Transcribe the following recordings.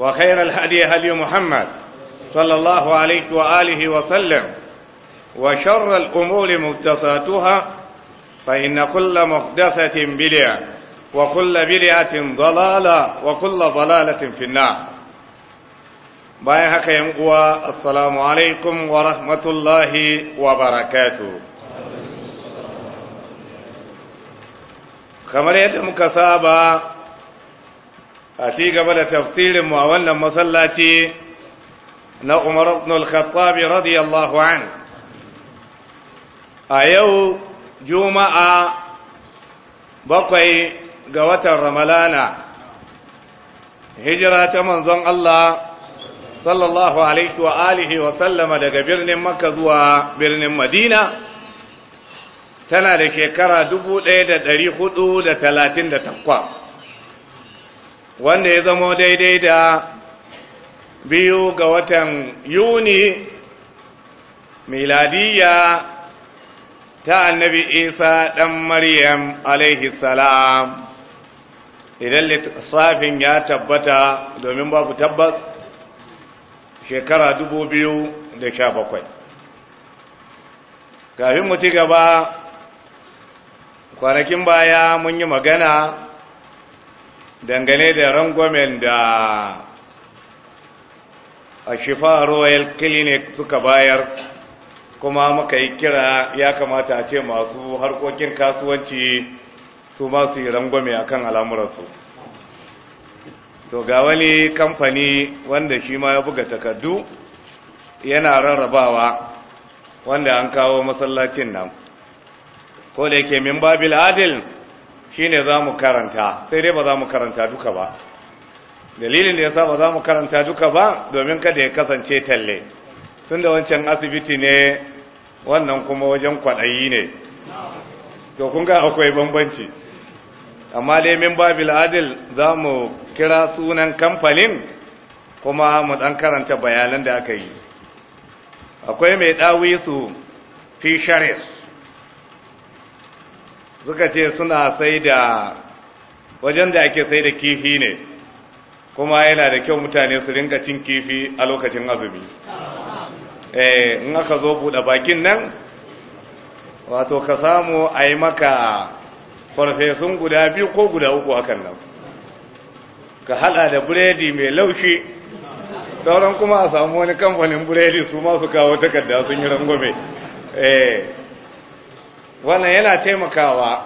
وخير الهدي هدي محمد صلى الله عليه وآله وسلم وشر الأمور مهدساتها فإن كل مهدسة بلع وكل بلعة ضلالة وكل ضلالة في النار بايحك يمقوى السلام عليكم ورحمة الله وبركاته خمرية yadda a ci gaba da tafsirinmu a wannan masallaci na umar ibn al-khattab radiyallahu an a yau juma'a bakwai ga watan ramalana hijira ta manzon Allah sallallahu alaihi wa alihi wa sallama daga birnin makka zuwa birnin madina tana da shekara 1438 wanda ya zamo daidai da biyu ga watan yuni miladiya ta annabi isa ɗan maryam alaihi salam idan lissafin ya tabbata domin babu tabbas shekara dubu biyu da sha bakwai kafin mu ci gaba kwanakin baya mun yi magana dangane da rangwamen da a shifa royal clinic suka bayar kuma muka yi kira ya kamata a ce masu harkokin kasuwanci su masu yi rangwame a kan al'amuransu to ga wani kamfani wanda shi ma ya buga takardu yana rarrabawa wanda an kawo masallacin nan ko da yake min babil adil Shi ne za mu karanta sai dai ba za mu karanta duka ba dalilin da ya sa ba za mu karanta duka ba domin kada ya kasance talle tun da wancan asibiti ne wannan kuma wajen kwaɗayi ne to kun ga akwai bambanci amma dai min babil adil za mu kira sunan kamfanin kuma mu ɗan karanta bayanan da aka yi akwai mai ɗawisu fi shares suka ce suna sai da wajen da ake sai da kifi ne kuma yana da kyau mutane su rinka cin kifi a lokacin azumi eh in aka zo buɗe bakin nan wato ka samu a yi maka farfesun guda biyu ko guda uku hakan nan ka hada da buredi mai laushi sauran kuma a samu wani kamfanin buredi su masu kawo takarda sun yi rangwame eh wannan yana taimakawa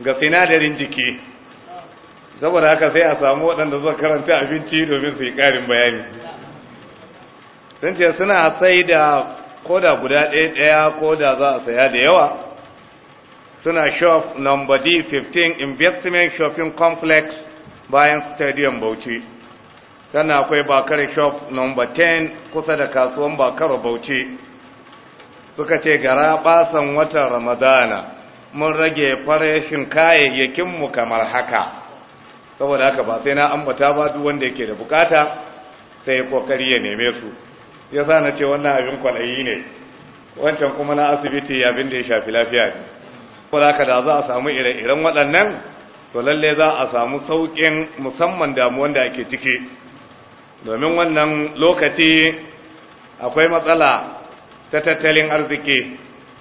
ga sinadarin jiki saboda haka sai a samu waɗanda zuwa karanta abinci domin su yi ƙarin bayani sun ce suna sai da koda guda ɗaya ɗaya ko da za a saya da yawa suna shop number d15 investment shopping complex bayan stadium bauchi sannan akwai bakar shop number 10 kusa da kasuwan bakar bauchi suka ce gara basan watan ramadana mun rage farashin kayayyakinmu kamar haka saboda haka ba sai na ambata ba duk wanda yake da bukata sai kokari ya neme su ya sa na ce wannan abin kwalayi ne wancan kuma na asibiti abin da ya shafi lafiya ne saboda haka da za a samu ire-iren waɗannan to lalle za a samu sauƙin musamman damuwan da ake ciki domin wannan lokaci akwai matsala ta tattalin arziki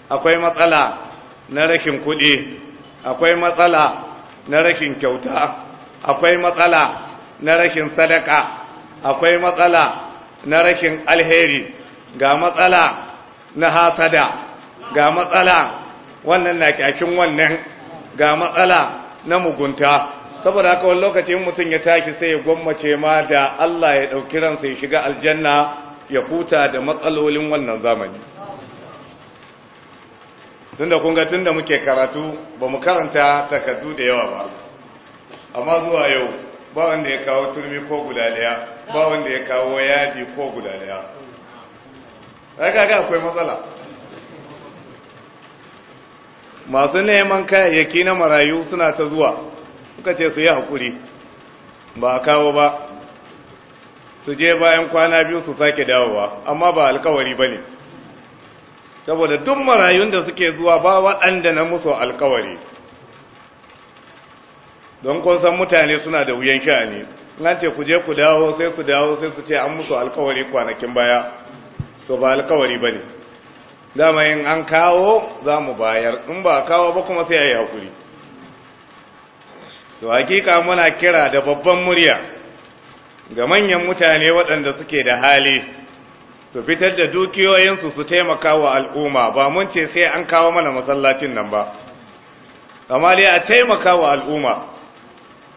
akwai matsala na rashin kuɗi akwai matsala na rashin kyauta akwai matsala na rashin sadaka akwai matsala na rashin alheri ga matsala na hasada ga matsala wannan na kyakin wannan ga matsala na mugunta saboda haka wani lokacin mutum ya tashi sai ya gwammace ma da Allah ya ɗauki ransa ya shiga aljanna ya huta da matsalolin wannan zamani tunda kun ga tunda muke karatu ba mu karanta takardu da yawa ba amma zuwa yau ba wanda ya kawo turmi ko gudaliya ba wanda ya kawo yaji ko gudaliya sai kaga akwai matsala masu neman kayayyaki na marayu suna ta zuwa suka ce su yi haƙuri ba a kawo ba su je bayan kwana biyu su sake dawowa amma ba alkawari ba ne saboda duk marayun da suke zuwa ba waɗanda na musu alkawari don kusan mutane suna da wuyan sha'ani nan ce ku je ku dawo sai su dawo sai su ce an musu alkawari kwanakin baya to ba alkawari ba ne dama yin an kawo za mu bayar in ba kawo ba kuma sai a yi haƙuri to hakika muna kira da babban murya ga manyan mutane waɗanda suke da hali su fitar da dukiyoyinsu su taimaka wa al'umma ba mun ce sai an kawo mana masallacin nan ba amma dai a taimaka wa al'umma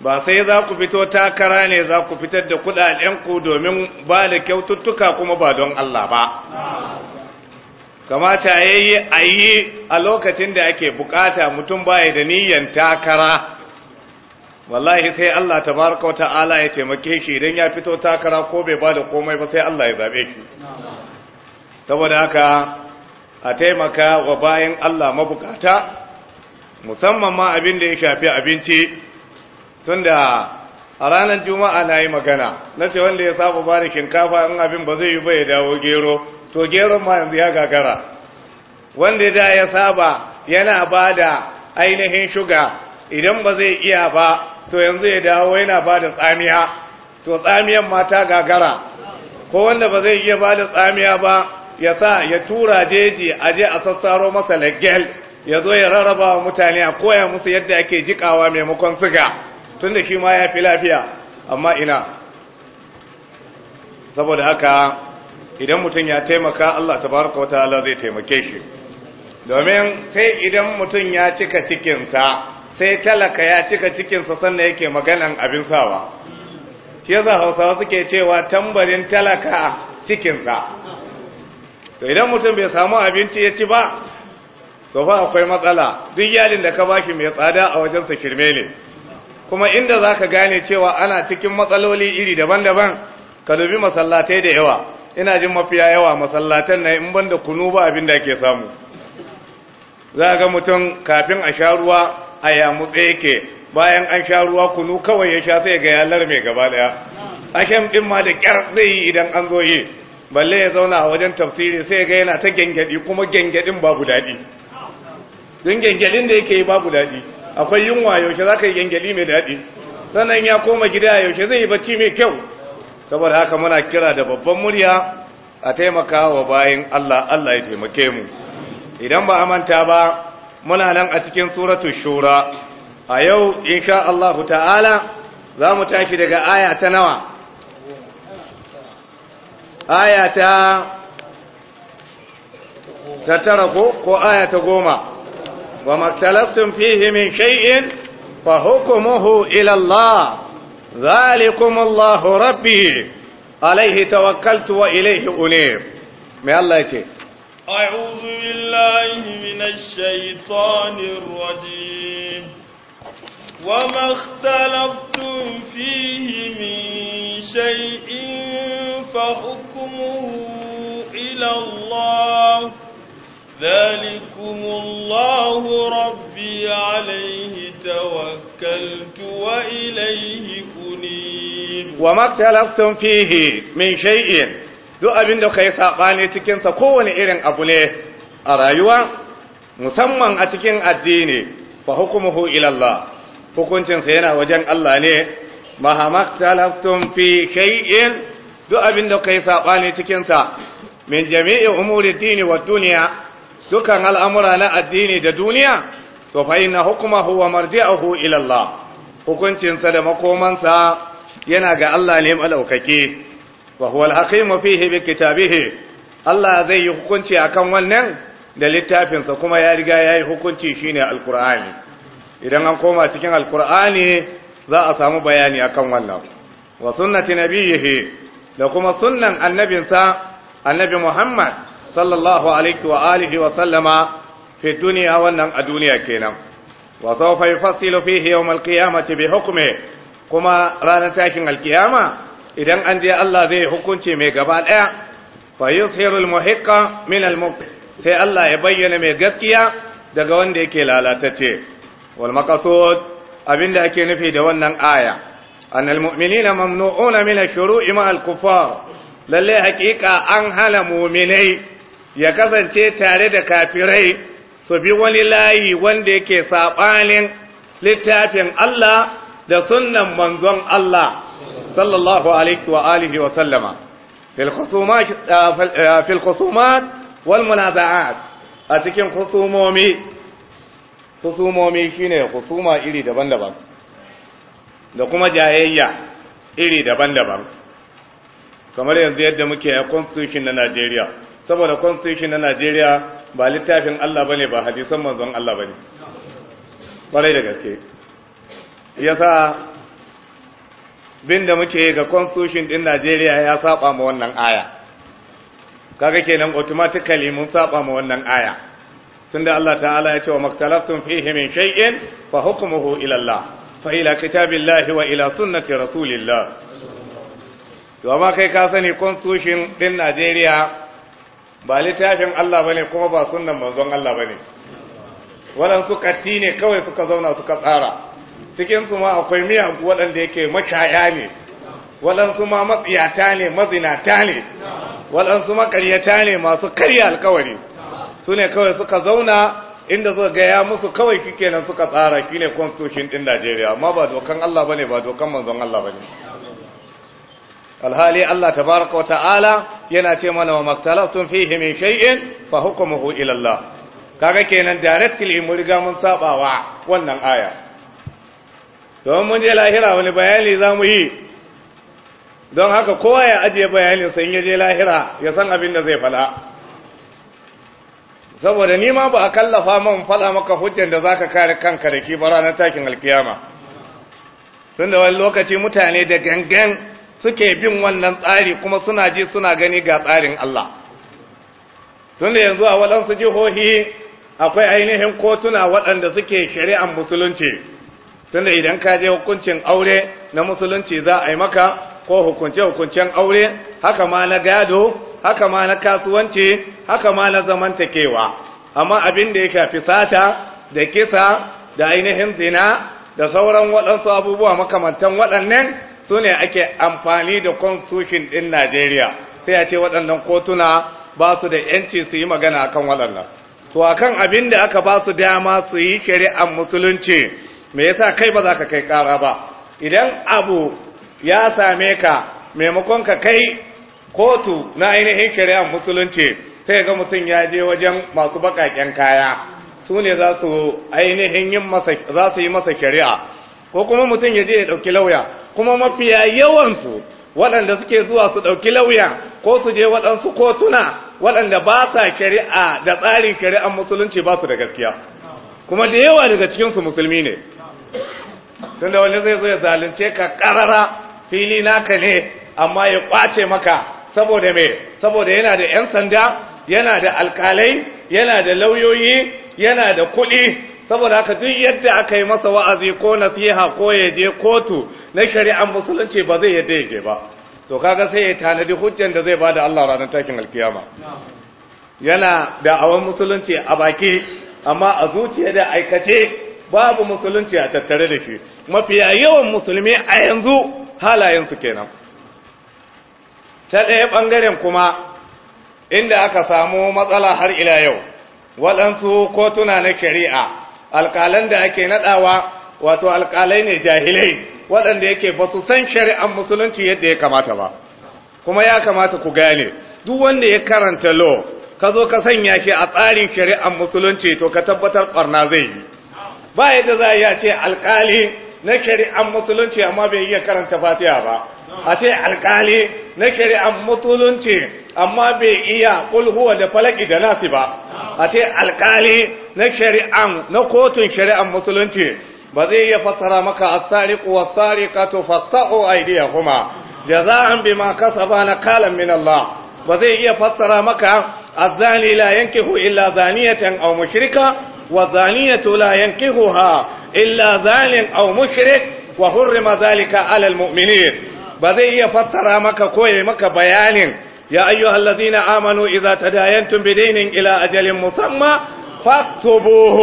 ba sai za ku fito takara ne za ku fitar da kuɗaɗenku domin ba da kyaututtuka kuma ba don Allah ba kamata ya yi a yi a lokacin da ake bukata mutum baya da niyyar takara wallahi sai Allah tabaraka wata'ala ya taimake shi idan ya fito takara ko bai bada komai ba sai Allah ya zabe shi saboda haka a taimaka wa bayan Allah mabukata musamman ma abin da ya shafi abinci tunda a ranar juma'a na yi magana na ce wanda ya saba ba da shinkafa in abin ba zai yi ba ya dawo gero to gero ma yanzu ya gagara wanda da ya saba yana ba da ainihin shuga idan ba zai iya ba to yanzu ya dawo yana ba da tsamiya to tsamiyan mata gagara ko wanda ba zai iya ba da tsamiya ba ya sa ya tura jeji a je a sassaro masa laggel ya zo ya rarraba wa mutane a koya musu yadda ake jikawa maimakon siga tun da shi ma ya fi lafiya amma ina saboda haka idan mutum ya taimaka Allah ta baraka wata Allah zai taimake shi domin sai idan mutum ya cika cikinsa sai talaka ya cika cikinsa sannan yake maganan abin sawa shi yasa hausawa suke cewa tambarin talaka cikinsa to idan mutum bai samu abinci ya ci ba to ba akwai matsala duk yalin da ka baki mai tsada a wajen sa kirme ne kuma inda zaka gane cewa ana cikin matsaloli iri daban-daban ka dubi masallatai da yawa ina jin mafiya yawa masallatan na in banda kunu ba abin da ke samu za ga mutum kafin a sha ruwa a yamutse yake bayan an sha ruwa kunu kawai ya sha sai ga yalar mai gaba daya ashen din ma da kyar zai yi idan an zo yi balle ya zauna a wajen tafsiri sai ga yana ta gengedi kuma gengedin babu daɗi don gengedin da yake yi babu daɗi akwai yunwa yaushe za ka yi gengedi mai daɗi sannan ya koma gida yaushe zai yi bacci mai kyau saboda haka muna kira da babban murya a taimaka wa bayan Allah Allah ya taimake mu idan ba a manta ba muna nan a cikin suratu shura a yau insha Allahu ta'ala za mu tashi daga aya ta nawa aya ta tara ko ko aya ta goma wa maktalaftum fihi min shay'in fa hukmuhu ila Allah zalikum rabbi alayhi tawakkaltu wa ilayhi unib me Allah yake أعوذ بالله من الشيطان الرجيم وما اختلفتم فيه من شيء فحكمه إلى الله ذلكم الله ربي عليه توكلت وإليه أنيب وما اختلفتم فيه من شيء duk abin da kai sabani cikin sa kowane irin abu ne a rayuwa musamman a cikin addini fa hukumuhu ila Allah hukuncin yana wajen Allah ne ma hamaktalaftum fi kai'in duk abin da kai sabani cikin sa min jami'i umuri dini wa duniya, dukan al'amura na addini da duniya to fa inna hukuma wa marji'uhu ila Allah hukuncinsa da makomansa yana ga Allah ne malaukake wa huwa al-hakim fihi bi Allah zai yi hukunci akan wannan da littafinsa kuma ya riga ya yi hukunci shine alkur'ani idan an koma cikin alkur'ani za a samu bayani akan wannan wa sunnati nabiyihi da kuma sunnan annabinsa annabi Muhammad sallallahu alaihi wa alihi wa sallama fi duniya wannan a duniya kenan wa sawfa yufassilu fihi yawm alqiyamati bi hukmi kuma ranar takin alkiyama idan an je Allah zai hukunci mai gaba ɗaya fa yuthirul muhiqqa min al sai Allah ya bayyana mai gaskiya daga wanda yake lalatacce wal maqsud abinda ake nufi da wannan aya an al mu'minina mamnu'una min shurui ma al kuffar lalle haƙiƙa an hana mu'minai ya kasance tare da kafirai su bi wani layi wanda yake saɓanin littafin Allah da sunan manzon Allah sallallahu alaihi wa alihi wa sallama fil khusumat wal munaza'at a cikin khusumomi khusumomi shine khusuma iri daban-daban da kuma jayayya iri daban-daban kamar yanzu yadda muke a constitution na Najeriya saboda constitution na Najeriya ba littafin Allah bane ba hadisan manzon Allah bane kwarai da gaske Ya sa bin da muke ga constitution din Najeriya ya saba ma wannan aya kaga kenan automatically mun saba ma wannan aya tunda Allah ta'ala ya ce wa maktalaftum fihi min shay'in fa hukmuhu ila Allah fa ila kitabillahi wa ila sunnati rasulillah to amma kai ka sani constitution din Najeriya ba littafin Allah bane kuma ba sunnan manzon Allah bane waɗansu katti ne kawai suka zauna suka tsara cikin su ma akwai miyagu waɗanda yake makaya ne waɗansu ma matsiyata ne mazinata ne waɗansu makaryata ne masu karya alkawari su ne kawai suka zauna inda suka gaya musu kawai kike nan suka tsara Ki ne constitution ɗin Najeriya amma ba dokan Allah ba ne, ba dokan manzon Allah ba ne. alhali Allah tabaraka wata'ala yana ce mana wa maktalaftum fihi min shay'in fa hukmuhu ila Allah kaga kenan directly mun riga mun sabawa wannan aya don mun je lahira wani bayani za mu yi don haka kowa ya ajiye bayanin sai ya je lahira ya san abin da zai fada saboda ni ma ba a kallafa man fada maka hujjan da zaka kare kanka da ki ba ranar takin alkiyama tun wani lokaci mutane da gangan suke bin wannan tsari kuma suna ji suna gani ga tsarin Allah tun yanzu a wadansu jihohi akwai ainihin kotuna waɗanda suke shari'an musulunci tunda idan ka je hukuncin aure na musulunci za a yi maka ko hukunce-hukuncen aure haka ma na gado haka ma na kasuwanci haka ma na zamantakewa amma abin da ya kafi sata da kisa da ainihin zina da sauran waɗansu abubuwa makamantan waɗannan su ne ake amfani da constitution ɗin najeriya sai a ce waɗannan kotuna ba su da yanci su yi magana akan waɗannan to akan abin da aka ba su dama su yi shari'ar musulunci me yasa kai ba za ka kai ƙara ba idan abu ya same ka maimakon ka kai kotu na ainihin shari'ar musulunci sai ga mutum ya je wajen masu baƙaƙen kaya su ne za su ainihin yin masa za su yi masa shari'a ko kuma mutum ya je ya ɗauki lauya kuma mafiya yawansu waɗanda suke zuwa su ɗauki lauya ko su je waɗansu kotuna waɗanda ba sa shari'a da tsarin shari'ar musulunci ba su da gaskiya kuma da yawa daga cikinsu musulmi ne tun da wani zai zo ya zalunce ka karara fili naka ne amma ya kwace maka saboda me saboda yana da yan sanda yana da alkalai yana da lauyoyi yana da kuɗi saboda haka duk yadda aka yi masa wa'azi ko nasiha ko ya je kotu na shari'ar musulunci ba zai yadda ya je ba to kaga sai ya tanadi hujjan da zai bada Allah ranar takin alkiyama yana da awan musulunci a baki amma a zuciya da aikace babu musulunci a tattare da shi mafiya yawan musulmi a yanzu halayen halayensu kenan ta ɗaya ɓangaren kuma inda aka samu matsala har ila yau waɗansu kotuna na shari'a alƙalan da ake naɗawa wato alƙalai ne jahilai waɗanda yake ba su san shari'ar musulunci yadda ya kamata ba kuma ya kamata ku gane duk wanda ya karanta law ka zo ka sanya shi a tsarin shari'ar musulunci to ka tabbatar ɓarna zai yi ba yadda za a ce alkali na shari'an musulunci amma bai iya karanta Fatiya ba a ce alkali na shari'an musulunci amma bai iya kulhuwa da falaki da nasi ba a ce alkali na shari'an na kotun shari'an musulunci ba zai iya fassara maka as-sariqu was-sariqatu fasahu aydiyahuma jaza'an bima na kalan min Allah ba zai iya fassara maka az-zani la yankihu illa zaniyatan aw mushrika والزانية لا ينكهها إلا ذال أو مشرك وحرم ذلك على المؤمنين بذي يفتر مك كوي مك بيان يا أيها الذين آمنوا إذا تداينتم بدين إلى أجل مسمى فاكتبوه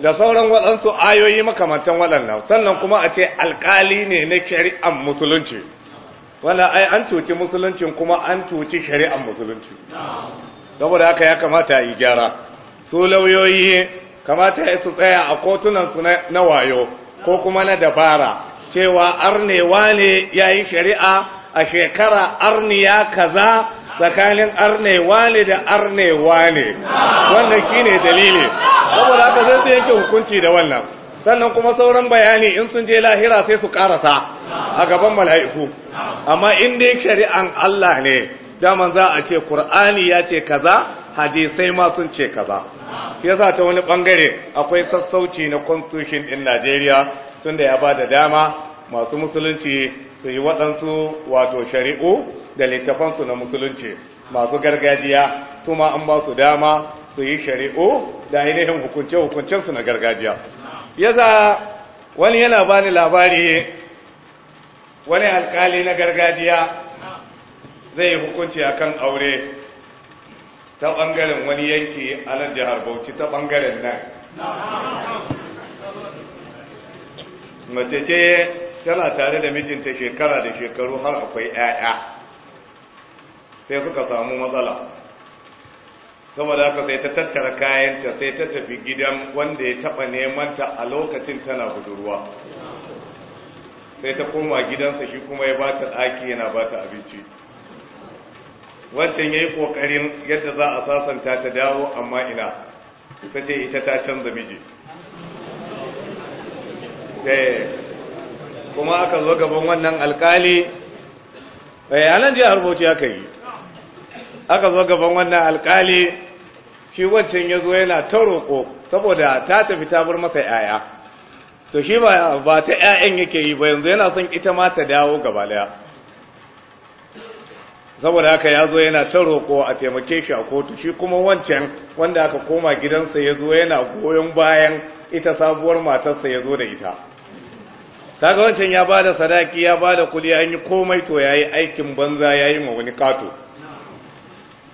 da sauran waɗansu ayoyi makamantan waɗannan sannan kuma a ce alƙali ne na shari'an musulunci wanda ai an cuci musuluncin kuma an cuci shari'an musulunci saboda haka ya kamata a yi gyara su lauyoyi kamata ya su tsaya a kotunansu na wayo ko kuma na dabara cewa arnewa ne ya yi shari'a a shekara arniya kaza tsakanin arnewa ne da arnewa ne wannan shi ne dalili saboda haka zai su yanke hukunci da wannan sannan kuma sauran bayani in sun je lahira sai su karasa a gaban mala'iku amma in dai shari'an Allah ne daman za a ce Kur'ani ya ce kaza hadisai ma sun ce kaza shi yasa ta wani bangare akwai sassauci na constitution din Najeriya tunda ya ba da dama masu musulunci su yi waɗansu wato shari'u da littafansu na musulunci masu gargajiya su ma an ba su dama su yi shari'u da ainihin hukunce-hukuncensu na gargajiya yasa wani yana bani labari wani alkali na gargajiya zai hukunci a kan aure ta ɓangaren wani yanki a nan jihar Bauchi ta ɓangaren nan mace ce tana tare da mijinta shekara da shekaru har akwai 'ya'ya sai suka samu matsala saboda haka sai ta tattara kayanta sai ta tafi gidan wanda ya taɓa nemanta a lokacin tana budurwa sai ta koma gidansa shi kuma ya bata ɗaki yana bata abinci wancan ya yi ƙoƙarin yadda za a sasanta ta dawo amma ina ta ce ita ta canza miji eh. kuma aka zo gaban wannan alkali bayanan eh, jihar bauchi aka yi aka zo gaban wannan alkali shi wancan ya zo yana ta roƙo saboda ta tafi ta bar masa yaya to shi ba ta yayan yake yi ba yanzu yana son ita ma ta dawo gaba daya saboda haka ya zo yana ta roƙo a taimake shi a kotu shi kuma wancan wanda aka koma gidansa ya zo yana goyon bayan ita sabuwar matarsa ya zo da ita kaga wancan ya da sadaki ya ba da kuɗi an yi komai to ya yi aikin banza ya yayi ma wani kato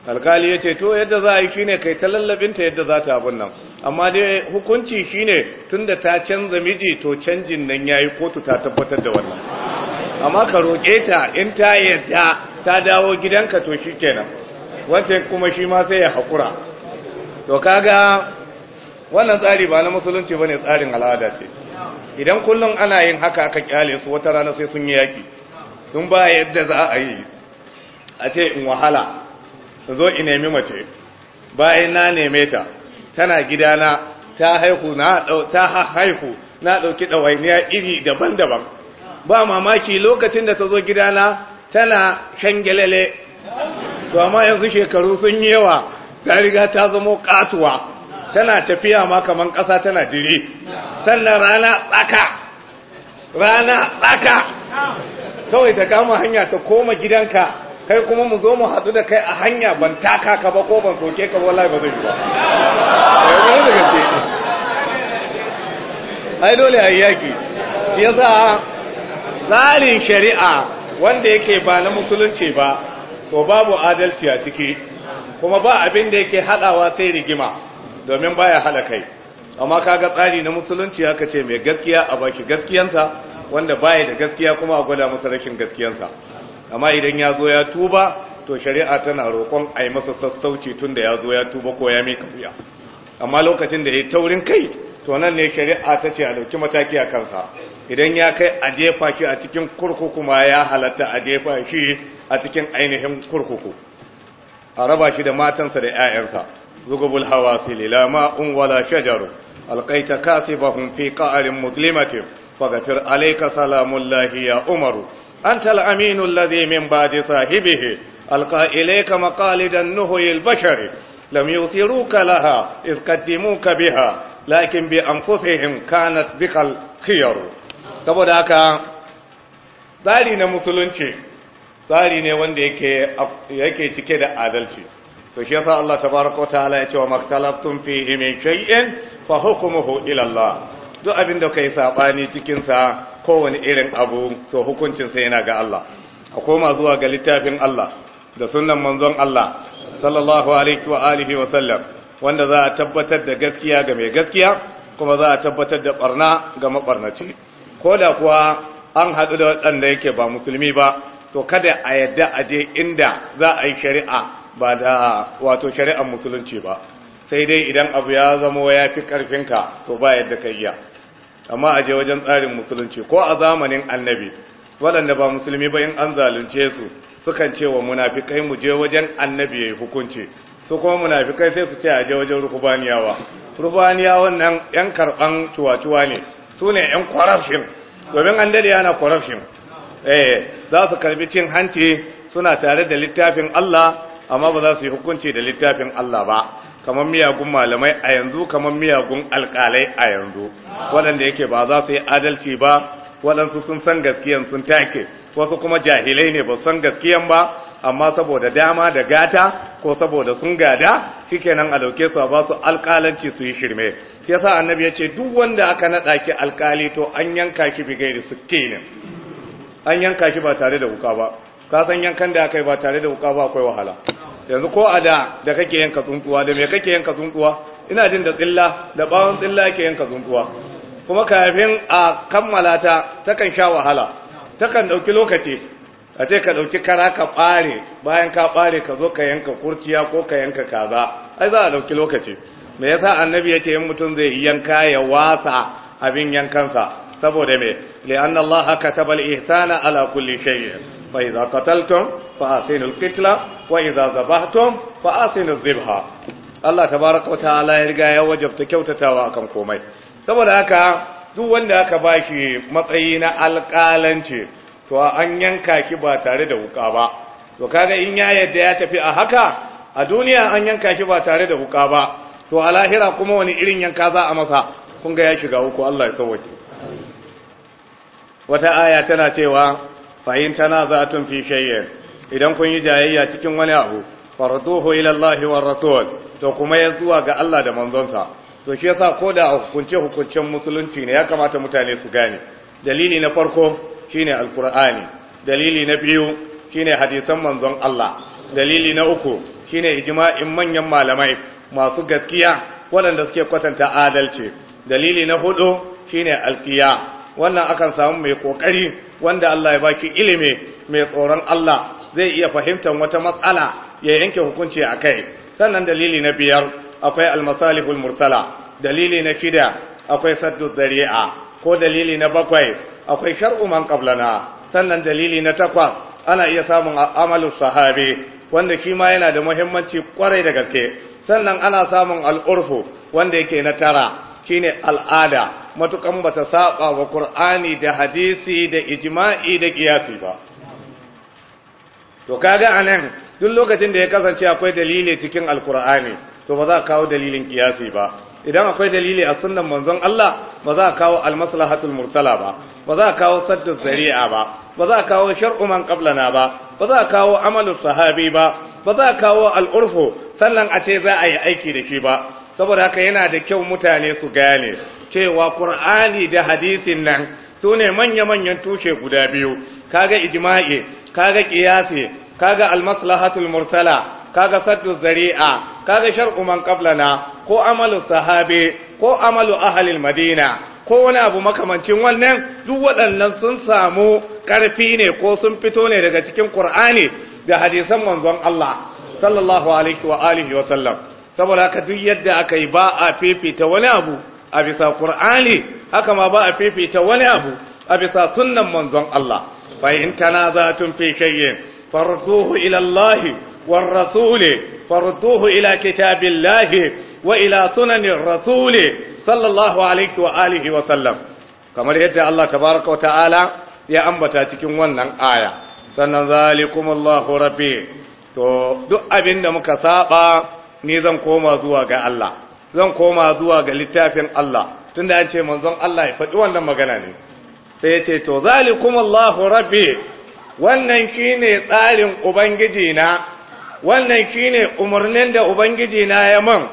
alkali ya ce to yadda za a yi shine kai ta lallabinta yadda za ta abin nan amma dai hukunci shine tunda ta canza miji to canjin nan yayi kotu ta tabbatar da wannan amma ka roƙe ta in ta yadda ta dawo gidanka to shikenan wancan kuma shi ma sai ya hakura to kaga wannan tsari ba na musulunci bane tsarin al'ada ce idan kullum ana yin haka aka kyale su wata rana sai sun yi yaki tun ba yadda za a yi a ce in wahala zo in nemi mace bayan na neme ta tana gidana ta haihu na ta haihu na dauki dawainiya iri daban-daban ba mamaki lokacin da ta zo gidana tana shangelele to amma yanzu shekaru sun yi yawa ta riga ta zama katuwa tana tafiya ma kamar ƙasa tana diri, sannan rana tsaka rana tsaka kawai ta kama hanya ta koma gidanka kai kuma mu zo mu haɗu da kai a hanya ban taka ka ba ko ban soke ka wallahi ba zai yi ba eh, ai dole a yaki ya za tsarin shari'a wanda yake ba na musulunci ba to babu adalci a ciki kuma ba abin da yake haɗawa sai rigima domin baya haɗa kai amma kaga tsari na musulunci haka ce mai gaskiya a baki gaskiyansa wanda baya da gaskiya kuma a gwada masa rashin gaskiyansa amma idan ya zo ya tuba to shari'a tana roƙon a yi masa sassauci tun da ya zo ya tuba ko ya mika wuya amma lokacin da ya yi taurin kai to nan ne shari'a ta ce a dauki mataki a kansa idan ya kai a jefa shi a cikin kurkuku ma ya halatta a jefa shi a cikin ainihin kurkuku a raba shi da matansa da 'ya'yansa zugubul hawasi lila ma'un wala shajaru alqaita kasibahum fi qa'arin muslimatin faghfir alayka salamullahi ya umaru أنت الأمين الذي من بعد صاحبه ألقى إليك مقالد النهو البشر لم يثيروك لها إذ قدموك بها لكن بأنفسهم كانت بك الخير saboda haka tsari na musulunci tsari ne wanda yake cike da adalci to shi yasa Allah tabaraka wa ta'ala ya ce wa maktalaftum fihi min shay'in fa hukmuhu ila duk abin da kai saɓani cikin sa kowane irin abu to hukuncinsa yana ga Allah a koma zuwa ga littafin Allah da sunan manzon Allah sallallahu alaihi wa alihi wa sallam wanda za a tabbatar da gaskiya ga mai gaskiya kuma za a tabbatar da barna ga mabarnaci ko da kuwa an haɗu da waɗanda yake ba musulmi ba to kada a yadda a je inda za a yi shari'a ba da wato shari'ar musulunci ba sai dai idan abu ya zama ya fi ƙarfinka to ba yadda ka iya amma a je wajen tsarin musulunci ko a zamanin annabi waɗanda ba musulmi ba in an zalunce su sukan ce wa munafikai mu je wajen annabi ya yi hukunci su kuma munafikai sai su ce a je wajen rukubaniyawa rukubaniyawan nan yan karɓan cuwa-cuwa ne su ne yan corruption domin an dade yana corruption eh za su karbi cin hanci suna tare da littafin Allah amma ba za su yi hukunci da littafin Allah ba kamar miyagun malamai a yanzu kamar miyagun alkalai a yanzu waɗanda yake ba za su yi adalci ba waɗansu sun san gaskiyan sun take wasu kuma jahilai ne ba san gaskiyan ba amma saboda dama da gata ko saboda sun gada nan a dauke su a ba su alƙalanci su yi shirme shi yasa annabi ya ce duk wanda aka naɗa ki alkali to an yanka ki suke sukkinin an yanka ki ba tare da wuka ba ka san yankan da aka yi ba tare da wuka ba akwai wahala yanzu ko a da da kake yanka tsuntsuwa da me kake yanka tsuntsuwa ina jin da tsilla da bawon tsilla yake yanka tsuntsuwa kuma kafin a kammala ta takan sha wahala takan ɗauki lokaci a ce ka ɗauki kara ka ɓare bayan ka ɓare ka zo ka yanka kurciya ko ka yanka kaza ai za a ɗauki lokaci me yasa annabi ya ce in mutum zai yanka ya wasa abin yankansa saboda me li'anna allaha katabal ihsana ala kulli shay'in fa idza qataltum fa ahsinul qitla wa idza zabahtum fa ahsinuz zibha Allah tabaraka wa ta'ala ya riga ya wajabta kyautatawa akan komai saboda haka duk wanda aka bashi matsayi na alƙalanci to an yanka ki ba tare da wuka ba to kaga in ya yadda ya tafi a haka a duniya an yanka ki ba tare da wuka ba to a lahira kuma wani irin yanka za a masa kun ga ya shiga uku Allah ya sauke wata aya tana cewa ta na za tun fi shayye idan kun yi jayayya cikin wani abu farduhu ila lallahi wa rasul to kuma ya zuwa ga Allah da manzonsa to shi yasa ko da a hukunce hukuncen musulunci ne ya kamata mutane su gane dalili na farko shine alqur'ani dalili na biyu shine hadisan manzon Allah dalili na uku shine ijma'in manyan malamai masu gaskiya waɗanda suke kwatanta adalci dalili na hudu shine alqiya wannan akan samu mai kokari wanda Allah ya baki ilimi mai tsoron Allah zai iya fahimtar wata matsala ya yanke hukunci a kai sannan dalili na biyar akwai almasalihul mursala dalili na shida akwai saddu zari'a ko dalili na bakwai akwai shar'u man qablana sannan dalili na takwas ana iya samun amalu sahabi wanda shi ma yana da muhimmanci kwarai da gaske sannan ana samun al'urfu wanda yake na tara shine al'ada matukan bata saba wa Qur'ani da hadisi da ijma'i da qiyasi ba to kaga anan duk lokacin da ya kasance akwai dalili cikin alqur'ani to ba za kawo dalilin qiyasi ba idan akwai dalili a sunnan manzon Allah ba za kawo almaslahatul mursala ba ba za kawo saddu zari'a ba ba za kawo shar'u man qablana ba ba za kawo amalu sahabi ba ba za kawo al'urfu sannan a ce za a yi aiki da shi ba saboda haka yana da kyau mutane su gane cewa Qur'ani da hadisin nan sune ne manya-manyan tushe guda biyu kaga ijma'i kaga qiyasi kaga al-maslahatul mursala kaga saddu zari'a kaga shar'u man qablana ko amalu sahabi ko amalu ahlil madina ko wani abu makamancin wannan duk waɗannan sun samu ƙarfi ne ko sun fito ne daga cikin Qur'ani da hadisan manzon Allah sallallahu alaihi wa alihi wa sallam saboda haka duk yadda aka yi ba a fifita wani abu a bisa qur'ani haka ma ba a fifita wani abu a bisa sunnan manzon Allah fa in tanazatun fi shay'in farduhu ila war rasul farduhu ila kitabillahi wa ila sunanir rasule, sallallahu alaihi wa alihi wa sallam kamar yadda Allah tabaraka wa ta'ala ya ambata cikin wannan aya sannan zalikumullahu rabbi to duk abin da muka saba ni zan koma zuwa ga Allah zan koma zuwa ga littafin Allah tunda an ce manzon Allah ya faɗi wannan magana ne sai yace to zalikum Allahu rabbi wannan shine tsarin ubangiji na wannan shine umarnin da ubangiji na ya man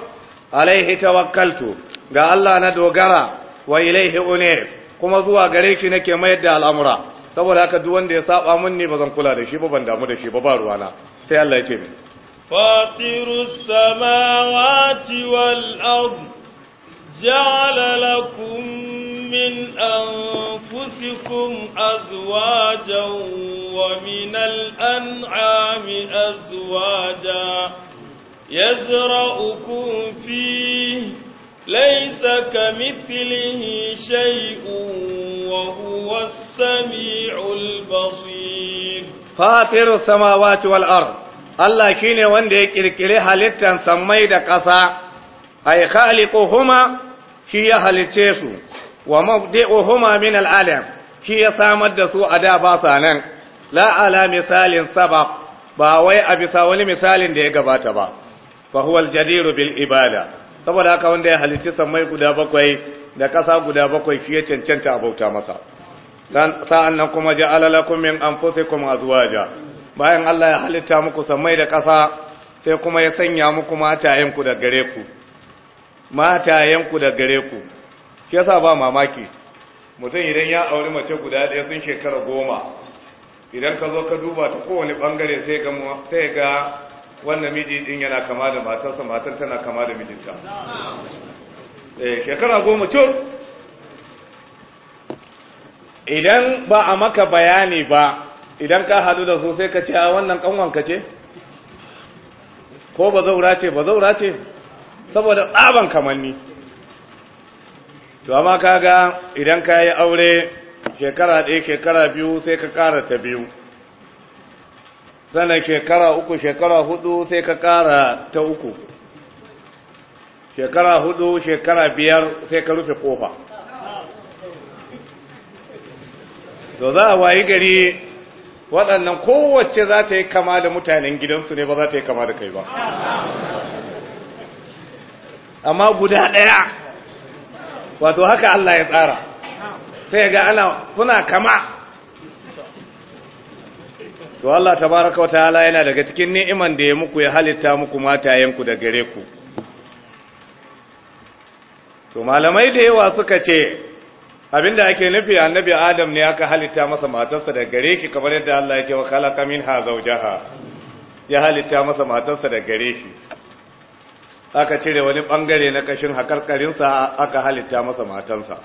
alaihi tawakkaltu ga Allah na dogara wa ilaihi unir kuma zuwa gare shi nake mayar da al'amura saboda haka duk wanda ya saba mun ne bazan kula da shi ba ban damu da shi ba ba ruwana sai Allah ya ce فاطر السماوات والأرض جعل لكم من أنفسكم أزواجا ومن الأنعام أزواجا يزرأكم فيه ليس كمثله شيء وهو السميع البصير فاطر السماوات والأرض Allah shi ne wanda ya kirkire halittan sammai da ƙasa ay khaliquhuma shi ya halice su wa mabdi'uhuma min al'alam shi ya samar da su a da ba sa nan La'ala misalin saba ba wai a bisa wani misalin da ya gabata ba fa jariru jadiru bil ibada saboda haka wanda ya halicci sammai guda bakwai da ƙasa guda bakwai shi ya cancanta bauta masa sa'an nan kuma ja'ala lakum kuma zuwa ja. bayan Allah ya halitta muku sammai da ƙasa sai kuma ya sanya muku matayenku da gare ku matayenku da gare ku shi yasa ba mamaki mutum idan ya auri mace guda ɗaya sun shekara goma idan ka zo ka duba ta kowane ɓangare sai ga sai ga wannan miji din yana kama da matarsa matar tana kama da mijinta eh, shekara goma cur idan ba a maka bayani ba idan ka hadu da su sai ka ce a wannan kanwanka ce ko ba zaura ce ba zaura ce saboda tsaban kamanni to amma kaga idan ka yi aure shekara ɗaya shekara biyu sai ka ƙara ta biyu sannan shekara uku shekara hudu sai ka ƙara ta uku shekara hudu shekara biyar sai ka rufe kofa to za a wayi gari waɗannan kowace za ta yi kama da mutanen gidansu ne ba za ta yi kama da kai ba amma guda ɗaya wato haka Allah ya tsara sai ga ana kuna kama to Allah wata hala yana daga cikin ni'iman da ya muku ya halitta muku matayenku da gare ku to malamai da yawa suka ce abinda ake nufi annabi adam ne aka halitta masa matarsa da gare shi, kamar yadda Allah ya ce wa khalaqa minha zawjaha ya halitta masa matarsa da gare shi aka cire wani bangare na kashin hakarkarin sa aka halitta masa matansa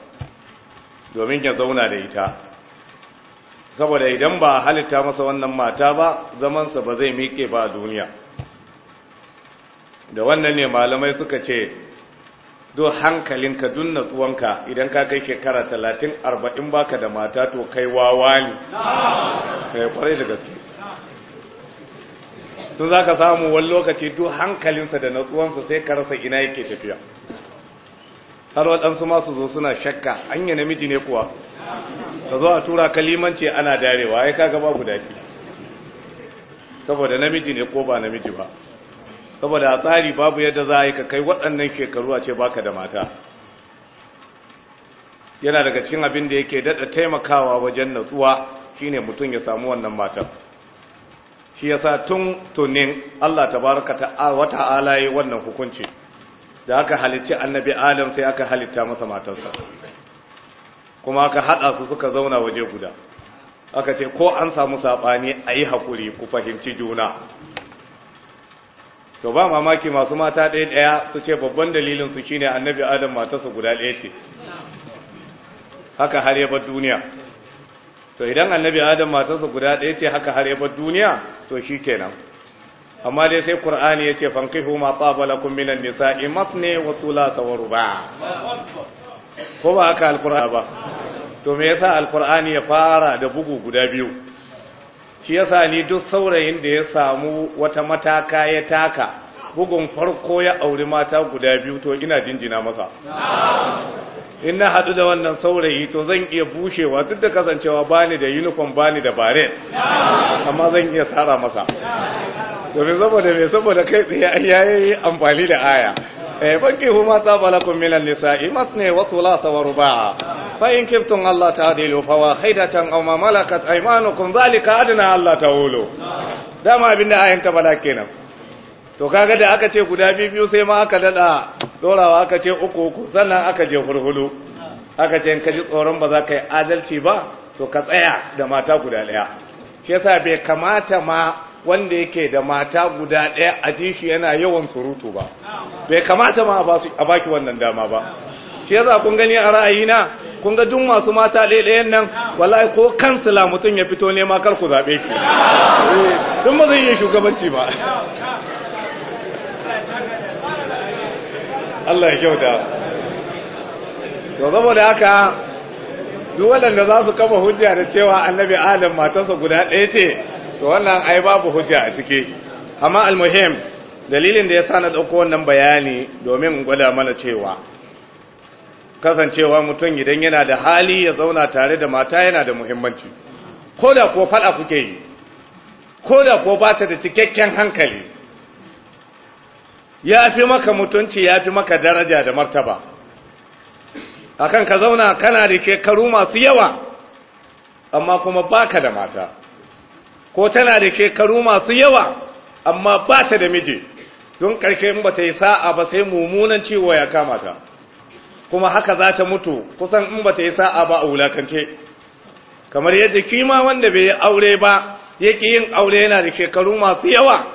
domin ya zauna da ita saboda idan ba halitta masa wannan mata ba zamansa ba zai miƙe ba a duniya da wannan ne malamai suka ce do hankalinka dun natsuwanka idan ka kai shekara talatin arba'in baka da mata to kai wawa ne kai eh, kwarai da gaske sun za ka samu wani lokaci duk hankalinsa da natsuwansa sai ka rasa ina yake tafiya har waɗansu masu zo suna shakka an yi namiji ne kuwa ka zo a tura kalimanci ana darewa ya kaga babu daɗi saboda namiji ne ko ba namiji ba saboda a tsari babu yadda za a yi ka kai waɗannan shekaru a ce baka da mata yana daga cikin abin da yake daɗa taimakawa wajen natsuwa shine mutum ya samu wannan matan. shi yasa tun tunin Allah Ta tabaraka ta'ala alaye wannan hukunci da aka halicci annabi Adam sai aka halitta masa matarsa kuma aka haɗa su suka zauna waje guda aka ce ko an samu saɓani a yi hakuri ku fahimci juna to ba mamaki masu mata ɗaya ɗaya su ce babban dalilin su shine annabi adam matarsa guda ɗaya ce haka har yabar duniya to idan annabi adam matarsa guda ɗaya ce haka har yabar duniya to shi kenan. amma dai sai qur'ani ya ce fankihu ma taba lakum minan nisa'i matne wa thulatha wa ruba ko ba haka alqur'ani ba to me yasa alqur'ani ya fara da bugu guda biyu shi yasa ni duk saurayin da ya samu wata mataka ya taka bugun farko ya auri mata guda biyu to ina jinjina masa in na haɗu da wannan saurayi to zan iya bushewa duk da kasancewa bani da uniform bani da bare amma zan iya tsara masa domin saboda mai saboda kai tsaye yayi amfani da aya eh kihu huma ta balakun milan nisa'i masne wasu lasa wa ruba'a Allah كبتم الله تعدلوا فواحدة أو ما ملكت أيمانكم ذلك أدنى الله تعولوا dama abin da ayin bala kenan to kaga da aka ce guda biyu sai ma aka dada dorawa aka ce uku uku sannan aka je hurhulu aka ce in ka ji tsoron ba za ka yi adalci ba to ka tsaya da mata guda daya shi yasa bai kamata ma wanda yake da mata guda ɗaya a ji shi yana yawan surutu ba bai kamata ma a baki wannan dama ba shi yasa kun gani a ra'ayina kun ga duk masu mata ɗaiɗayan nan wallahi ko kansila mutum ya fito nema kar ku zaɓe shi eh, duk ba zai iya shugabanci ba Allah ya kyauta to saboda haka duk waɗanda za su kama hujja da cewa annabi adam matarsa guda ɗaya ce to wannan ai babu hujja a ciki amma almuhim dalilin da ya sa na ɗauko wannan bayani domin in gwada mana cewa kasancewa mutum idan yana da hali ya zauna tare da mata yana da muhimmanci ko da ko fada kuke yi ko da ko ba ta da cikakken hankali ya fi maka mutunci ya fi maka daraja da martaba akan ka zauna kana da shekaru masu yawa amma kuma baka da mata ko tana da shekaru masu yawa amma ba ta da miji don ƙarshe in ba ta yi sa'a ba sai mummunan ciwo ya kama kamata kuma haka za ta mutu kusan in ba ta yi sa'a ba a wulakance kamar yadda kima wanda bai yi aure ba yake yin aure yana da shekaru masu yawa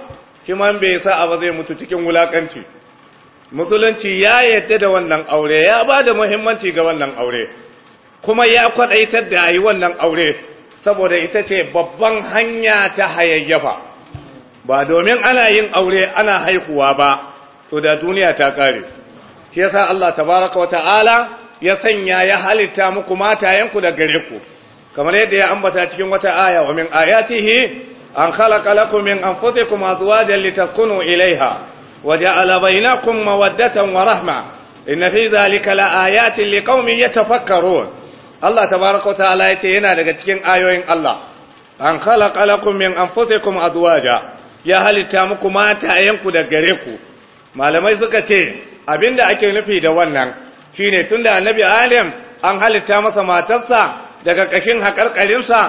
kima bai yi sa'a ba zai mutu cikin wulakanci musulunci ya yadda da wannan aure ya ba da muhimmanci ga wannan aure kuma ya kwaɗaitar da yi wannan aure saboda ita ce babban hanya ta hayayyafa ba domin ana yin aure ana haihuwa ba to da duniya ta ƙare shi yasa Allah tabaraka wa ya sanya ya halitta muku matayenku da gare ku kamar yadda ya ambata cikin wata aya wa min ayatihi an khalaqa lakum min anfusikum azwajan litaskunu ilaiha wa ja'ala bainakum mawaddatan wa rahma inna fi zalika laayatin liqaumin yatafakkarun Allah tabaraka wa ta'ala yace yana daga cikin ayoyin Allah an khalaqa lakum min anfusikum azwaja ya halitta muku matayenku da gare ku malamai suka ce abinda ake nufi da wannan shine tunda annabi adam an halitta masa matarsa daga kashin hakarkarinsa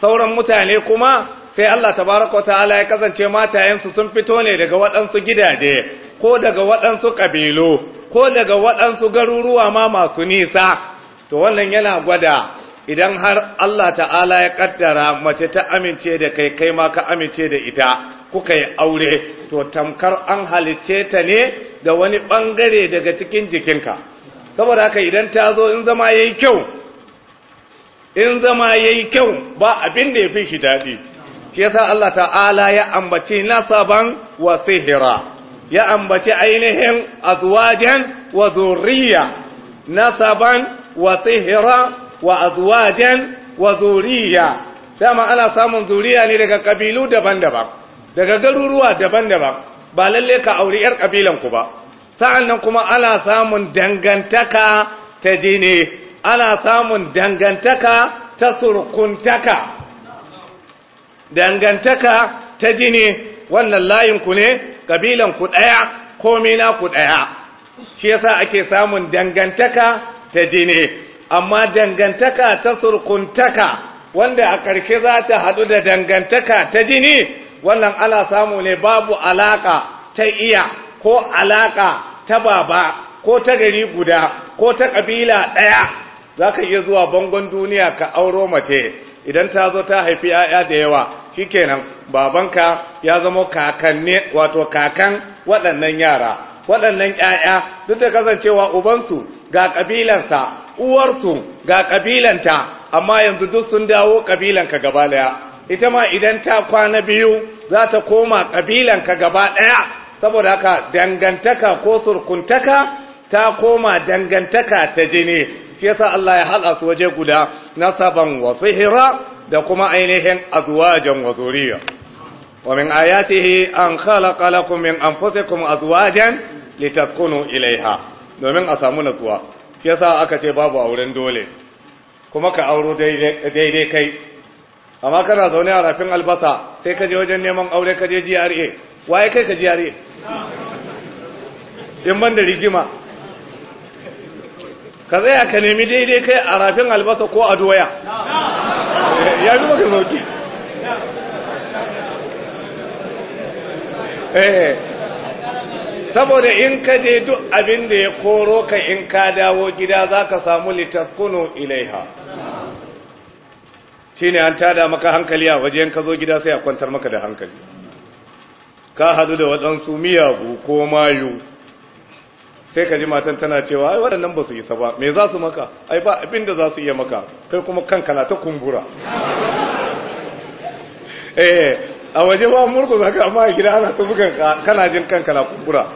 sauran mutane kuma sai Allah tabaraka ta'ala ya kasance matayensu sun fito ne daga waɗansu gidaje ko daga waɗansu ƙabilu ko daga waɗansu garuruwa ma masu nisa to wannan yana gwada idan har Allah ta'ala ya kaddara mace ta amince da kai kai ma ka amince da ita kuka yi aure to tamkar an halicce ta ne da wani ɓangare daga cikin jikinka saboda haka idan ta zo in zama yayi kyau in zama yayi kyau ba abin da yafi shi dadi shi yasa Allah ta'ala ya ambaci nasaban wa sihira ya ambaci ainihin azwajan wa zuriya nasaban wa sihira wa azwajan wa zuriya dama ana samun zuriya ne daga kabilu daban-daban daga garuruwa daban-daban ba lalle ka auri yar kabilan ku ba sa'annan kuma ana samun dangantaka ta dine ana samun dangantaka ta surkuntaka dangantaka ta dine wannan layin ku ne kabilan ku daya komai na ku daya shi yasa ake samun dangantaka ta dine amma dangantaka ta surkuntaka wanda a karke za ta haɗu da dangantaka ta dini wannan ala samu ne babu alaka ta iya ko alaka ta baba ko ta gari guda ko ta kabila daya zaka iya zuwa bangon duniya ka auro mace idan ta zo ta haifi yaya da yawa kenan babanka ya zama kakanne wato kakan waɗannan yara waɗannan 'ya'ya duk da kasancewa ubansu ga kabilansa uwarsu ga kabilanta amma yanzu duk sun dawo kabilanka gaba daya ita ma idan ta kwana biyu za ta koma ƙabilanka gaba ɗaya saboda haka dangantaka ko surkuntaka ta koma dangantaka ta jini shi yasa Allah ya haɗa su waje guda nasaban wa sihira da kuma ainihin azwajan wa zuriya wa min ayatihi an khalaqa lakum min anfusikum azwajan litaskunu ilaiha domin a samu natsuwa shi yasa aka ce babu auren dole kuma ka auro daidai kai amma kana zaune a rafin albasa sai ka je wajen neman aure ka je GRA waye kai ka GRA in ban da rigima ka tsaya ka nemi daidai kai a rafin albasa ko a doya ya bi maka sauki eh. saboda in ka je duk abin da ya koro ka in ka dawo gida za ka samu litaskunu ilaiha Shi ne an tada maka hankali a wajen ka zo gida sai a kwantar maka da hankali ka hadu da waɗansu miyagu ko mayu sai ka ji matan tana cewa ai waɗannan ba su isa ba me za su maka ai ba abin da za su iya maka kai kuma kanka na ta kumbura eh a waje ba murku za ka amma a gida ana ta bugan kana jin kanka na kumbura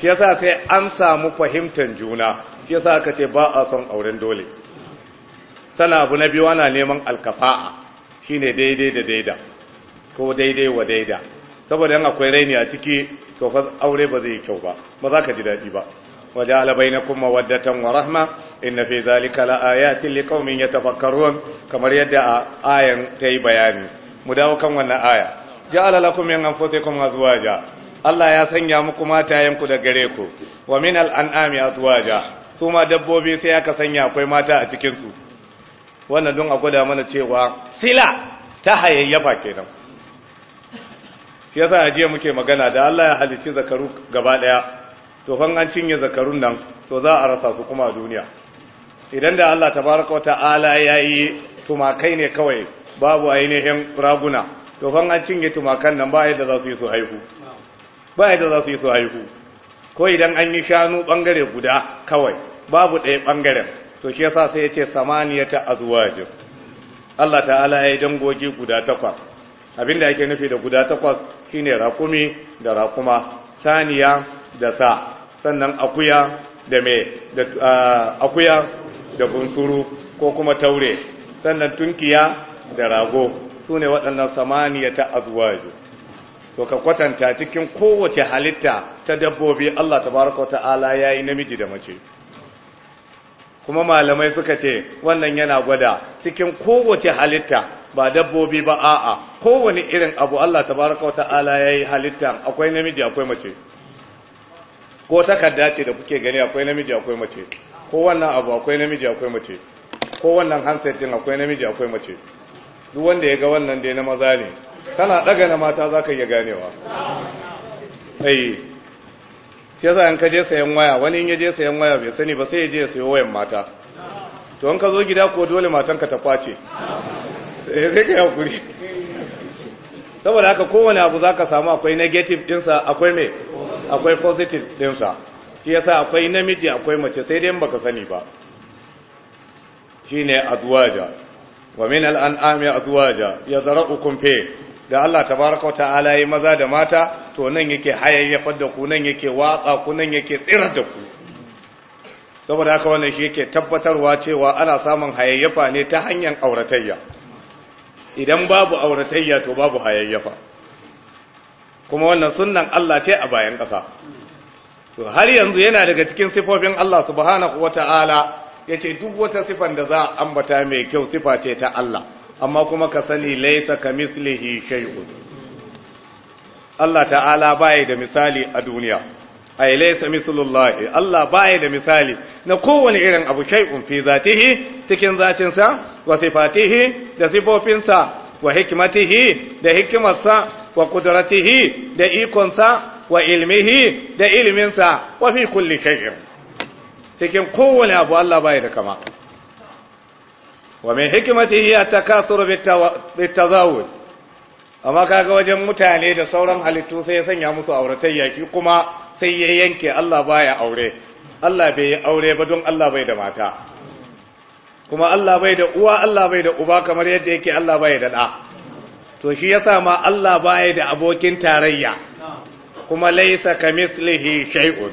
shi yasa sai an samu fahimtar juna shi yasa aka ce ba a son auren dole sannan abu na biyu ana neman alkafa'a shine daidai da daida ko daidai wa daida saboda yan akwai raini a ciki tofar aure ba zai kyau ba ba za ka ji daɗi ba Waje alabai na kuma waddatan wa rahma inna fi zalika la ayatin li qaumin yatafakkarun kamar yadda a ayan ta yi bayani mu dawo kan wannan aya ya alalakum min anfusikum azwaja Allah ya sanya muku mata yanku da gare ku wa min al-an'ami azwaja su ma dabbobi sai aka sanya akwai mata a cikin su wannan don a gwada mana cewa sila ta hayayyafa kenan shi yasa a jiya muke magana da Allah ya halicci zakaru gaba daya to fa an cinye zakarun nan to za a rasa su kuma a duniya idan da Allah tabaraka wata'ala yayi tumakai ne kawai babu ainihin raguna to fa an cinye tumakan nan ba yadda za su yi su haihu ba yadda za su yi su haihu ko idan an yi shanu bangare guda kawai babu ɗaya bangaren to shi yasa sai yace ce samaniyata azwajin Allah ta'ala ya yi dangogi guda takwas abinda yake nufi da guda takwas shine rakumi da rakuma saniya da sa sannan akuya da me da akuya da bunsuru ko kuma taure sannan tunkiya da rago sune waɗannan samaniyata azwajin to ka kwatanta cikin kowace halitta ta dabbobi Allah tabaraka wa ta'ala yayi namiji da mace kuma malamai suka ce wannan yana gwada cikin kowace halitta ba dabbobi ba a'a kowane irin abu Allah tabaraka wata'ala yayi halitta akwai namiji akwai mace ko takarda ce da kuke gani akwai namiji akwai mace ko wannan abu akwai namiji akwai mace ko wannan handset din akwai namiji akwai mace duk wanda ya ga wannan dai na maza ne kana daga na mata zaka iya ganewa sai shi yasa in ka je sayan waya wani in ya je sayan waya bai sani ba sai ya je ya sayo wayan mata to in ka zo gida ko dole matanka ta kwace eh, sai ka hakuri. saboda haka kowane abu za ka samu akwai negative dinsa akwai me? akwai positive dinsa shi yasa akwai namiji akwai mace sai dai baka sani ba shine azwaja wa min al-an'ami azwaja yazra'ukum fi da Allah Ta tabaraka ta'ala yi maza da mata to nan yake hayayyafar da ku nan yake watsa ku nan yake tsirar da ku saboda haka wannan shi yake tabbatarwa cewa ana samun hayayyafa ne ta hanyar auratayya idan babu auratayya to babu hayayyafa kuma wannan sunnan Allah ce a bayan ƙasa to har yanzu yana daga cikin sifofin Allah subhanahu wata'ala yace duk wata sifan da za a ambata mai kyau sifa ce ta Allah amma kuma ka sani laisa ka mislihi shay'un Allah ta'ala baya da misali a duniya ay laisa mislullahi Allah baya da misali na kowane irin abu shay'un fi zatihi cikin sa wa sifatihi da sifofinsa wa hikmatihi da hikimarsa wa qudratihi da ikonsa wa ilmihi da ilminsa wa fi kulli shay'in cikin kowane abu Allah baya da kama wa حكمته هي التكاثر بالتزاوج bit-tazawud amma kaga wajen mutane da sauran halittu sai ya sanya musu auratayya kuma sai ya yanke Allah baya aure Allah bai yi aure ba don Allah bai da mata kuma Allah bai da uwa Allah bai da uba kamar yadda yake Allah bai da da to shi yasa ma Allah baya da abokin tarayya kuma laisa kamithlihi shay'un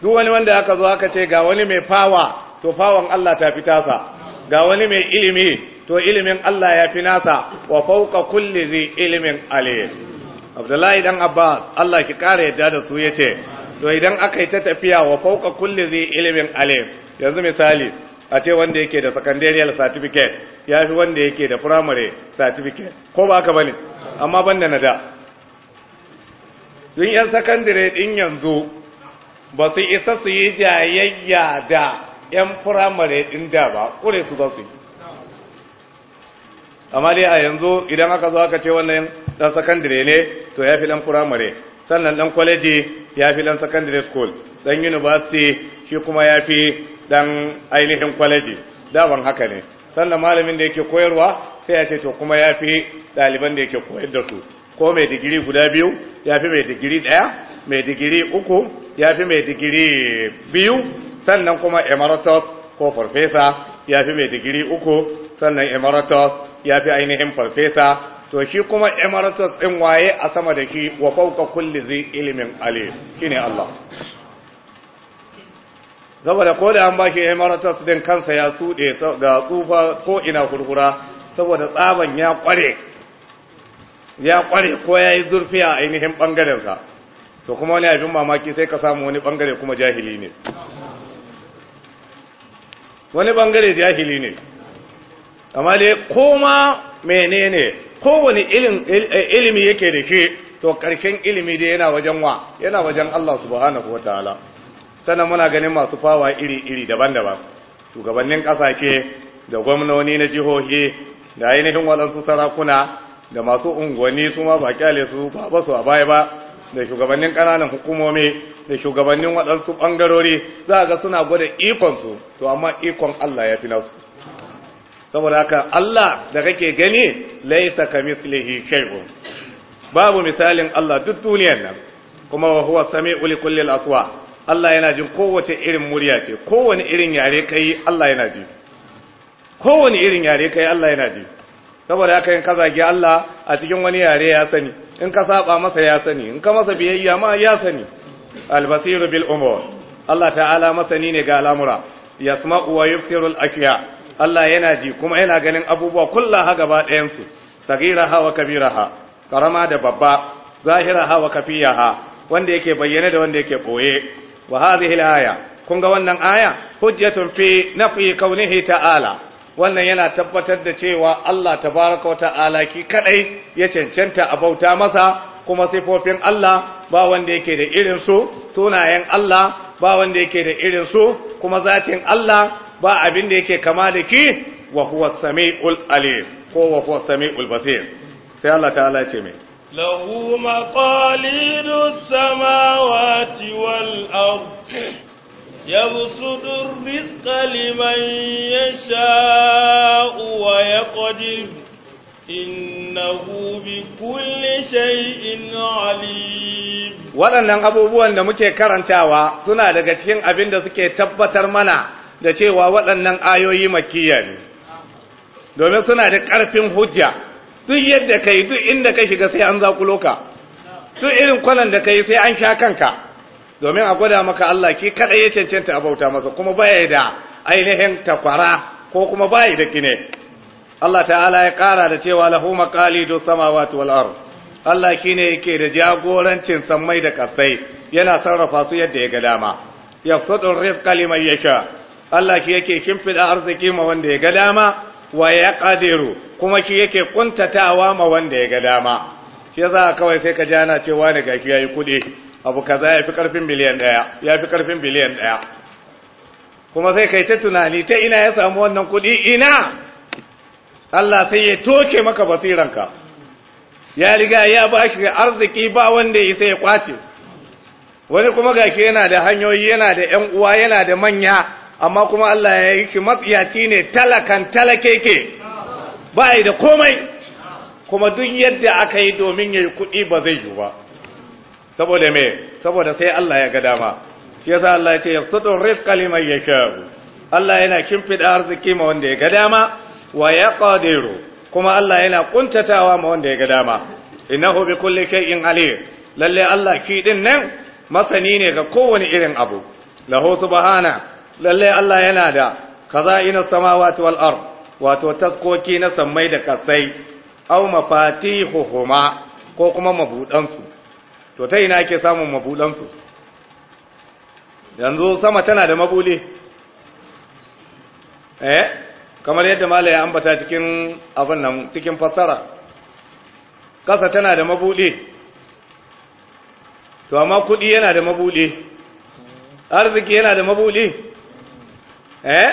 duk wani wanda aka zo aka ce ga wani mai fawa to fawan Allah ta fitasa ga wani mai ilimi to ilimin Allah ya fi nasa wa fauka kulli zi ilimin alim Abdullahi dan Abbas Allah ki kare yadda da su yace to idan aka yi ta tafiya wa fauka kulli zi ilimin alim yanzu misali a ce wanda yake da secondarial certificate ya fi wanda yake da primary certificate ko ba ka bane amma banda na da dun yan secondary din yanzu ba su isa su yi jayayya da 'yan firamare ɗin da ba ƙure su za su yi amma dai a yanzu idan aka zo aka ce wannan ɗan sakandire ne to ya fi ɗan firamare sannan ɗan kwaleji ya fi ɗan sakandire school ɗan university shi kuma ya fi ɗan ainihin kwaleji daban haka ne sannan malamin da yake koyarwa sai ya ce to kuma ya fi ɗaliban da yake koyar da su ko mai digiri guda biyu ya fi mai digiri ɗaya mai digiri uku ya fi mai digiri biyu sannan kuma emeritus ko farfesa ya fi mai digiri uku sannan emeritus ya fi ainihin farfesa to shi kuma emeritus ɗin waye a sama da shi wa fauka kulli zai ilimin ali ne Allah saboda ko da an ba shi emeritus ɗin kansa ya tsuɗe ga tsufa ko ina kurkura saboda tsaban ya ƙware ya ƙware ko ya yi zurfi a ainihin ɓangarensa to kuma wani abin mamaki sai ka samu wani ɓangare kuma jahili ne wani bangare jahili ne amma dai koma menene kowane eh, ilimi yake da ke to karshen ilimi dai yana wajen wa yana wajen Allah subhanahu wataala Sanan muna ganin masu fawa iri-iri daban-daban shugabannin ƙasashe da gwamnoni na jihohi da ainihin waɗansu sarakuna da masu unguwanni su ma ba kyale su ba ba su a baya ba da shugabannin ƙananan hukumomi da shugabannin waɗansu ɓangarori za a ga suna gwada ikonsu to amma ikon Allah ya fi nasu saboda haka Allah da kake gani laisa mislihi shaihu. babu misalin Allah duk duniyar nan kuma wa huwa sami'u kulli al-aswa Allah yana jin kowace irin murya ce kowane irin yare kai Allah yana ji kowane irin yare kai Allah yana ji saboda haka in ka zagi Allah a cikin wani yare ya sani in ka saba masa ya sani in ka masa biyayya ma ya sani albasiru bil umur Allah ta'ala masani ne ga al'amura yasma'u wa yubsiru al Allah yana ji kuma yana ganin abubuwa kullaha gaba ɗayan su sagiraha wa kabiraha karama da babba zahiraha wa kafiyaha wanda yake bayyane da wanda yake koye wa hadhihi al-aya kun ga wannan aya hujjatun fi nafi kaunihi ta'ala wannan yana tabbatar da cewa Allah tabaraka wa ta'ala ki kadai ya cancanta a bauta masa kuma sifofin Allah ba wanda yake da irin su sunayen Allah ba wanda yake da irin su kuma zatin Allah ba abin da yake kama da ki wa huwa samiul alim ko wa huwa samiul basir sai Allah ta'ala ce mai lahu maqalidus samawati wal ard يبسط الرزق لمن يشاء ويقدر innahu kulli shay'in alim waɗannan abubuwan da muke karantawa suna daga cikin abin da suke tabbatar mana da cewa waɗannan ayoyi makiyya ne domin suna da ƙarfin hujja duk yadda ka yi duk inda ka shiga sai an zakulo ka duk irin kwanan da ka yi sai an sha kanka domin a gwada maka Allah ki kaɗai ya cancanta a bauta masa kuma baya da ainihin takwara ko kuma baya da kine Allah ta'ala ya ƙara da cewa lahu maqalidu samawati wal ard Allah shine yake da jagorancin sammai da ƙasai yana sarrafa su yadda ya ga dama yafsudu rizqa liman yasha Allah shi yake kimfida arziki ma wanda ya ga dama wa qadiru kuma shi yake kuntatawa ma wanda ya ga dama shi ka kawai sai ka jana cewa ne gashi yayi kuɗi abu kaza ya fi karfin miliyan ɗaya ya fi karfin biliyan ɗaya kuma sai kai ta tunani ta ina ya samu wannan kuɗi ina Allah sai ya toke maka basiranka ya riga ya ba shi arziki ba wanda ya sai ya kwace wani kuma gake yana da hanyoyi yana da 'yan uwa yana da manya amma kuma Allah ya yi shi matsiyaci ne talakan talakeke ba yi da komai kuma duk yadda aka yi domin ya yi kuɗi ba zai yi ba saboda me saboda sai Allah ya ga dama shi yasa Allah ya ce Allah yana kimfida arziki ma wanda ya ga dama wa ya ƙadiru kuma Allah yana ƙuntatawa ma wanda ya ga dama innahu bi kulli shay'in alim lalle Allah ki din nan masani ne ga kowane irin abu lahu subhana lalle Allah yana da khaza'inus samawati wal ard wato taskoki na sammai da kasai aw mafatihuhuma ko kuma mabudan su to ta ina ake samun mabudan su yanzu sama tana da mabuli eh kamar yadda malaya an ambata cikin abin nan cikin fassara Kasa tana da mabuɗe to amma kuɗi yana da mabuɗe arziki yana da mabuɗe eh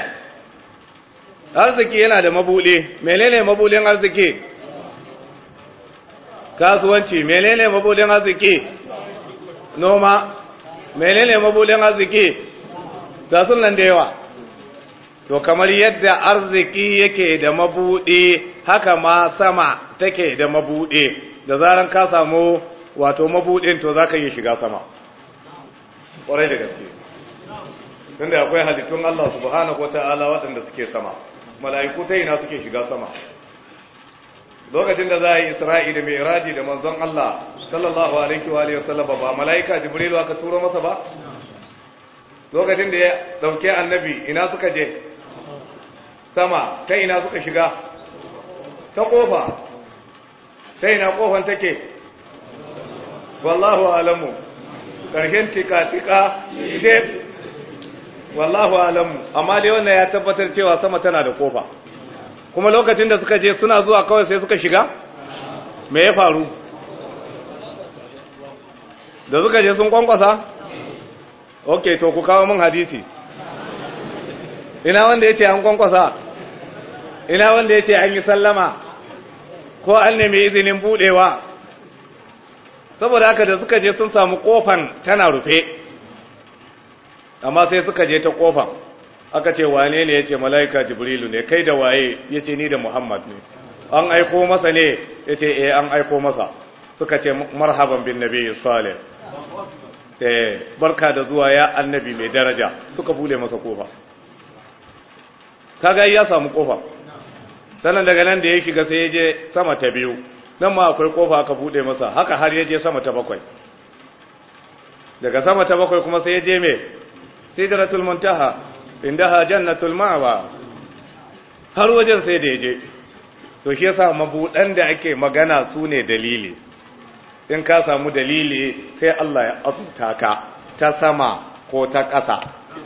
arziki yana da mabuɗe menene mabuɗin arziki kasuwanci menene mabuɗin arziki noma menene mabuɗin arziki ga sunan da yawa to kamar yadda arziki yake da mabuɗe haka ma sama take da mabuɗe da zaran ka samu wato mabuɗin to za ka iya shiga sama ƙwarai da gaske tunda akwai halittun Allah subhanahu wata'ala waɗanda suke sama mala'iku ta ina suke shiga sama lokacin da za a yi isra'i da mai iraji da manzon Allah sallallahu alaihi wa alihi wasallam ba mala'ika jibril aka turo masa ba lokacin da ya dauke annabi ina suka je sama ta ina suka shiga ta kofa ta ina kofan take wallahu alamu karshen tika-tika wallahu alamu amma dai wannan ya tabbatar cewa sama tana da kofa kuma lokacin da suka je suna zuwa kawai sai suka shiga me ya faru da suka je sun kwankwasa ok to ku kawo min hadisi ina wanda ya ce an kwankwasa ina wanda ya ce an yi sallama ko an nemi izinin buɗewa? saboda haka da suka je sun samu ƙofan tana rufe amma sai suka je ta kofan aka ce wane ne ya ce mala'ika jibrilu ne kai da waye ya ce ni da muhammad ne an aiko masa ne ya ce eh an aiko masa suka ce marhaban bin nabi salih eh barka da zuwa ya annabi mai daraja suka bule masa kofa kaga ya samu kofa sannan daga nan da ya shiga sai ya je sama ta biyu nan ma akwai kofa aka bude masa haka har ya je sama ta bakwai daga sama ta bakwai kuma sai ya je me sidratul muntaha ha jannatul ma'wa har wajen sai da ya je to shi yasa mabudan da ake magana su ne dalili in ka samu dalili sai Allah ya azurta ka ta sama ko ta ƙasa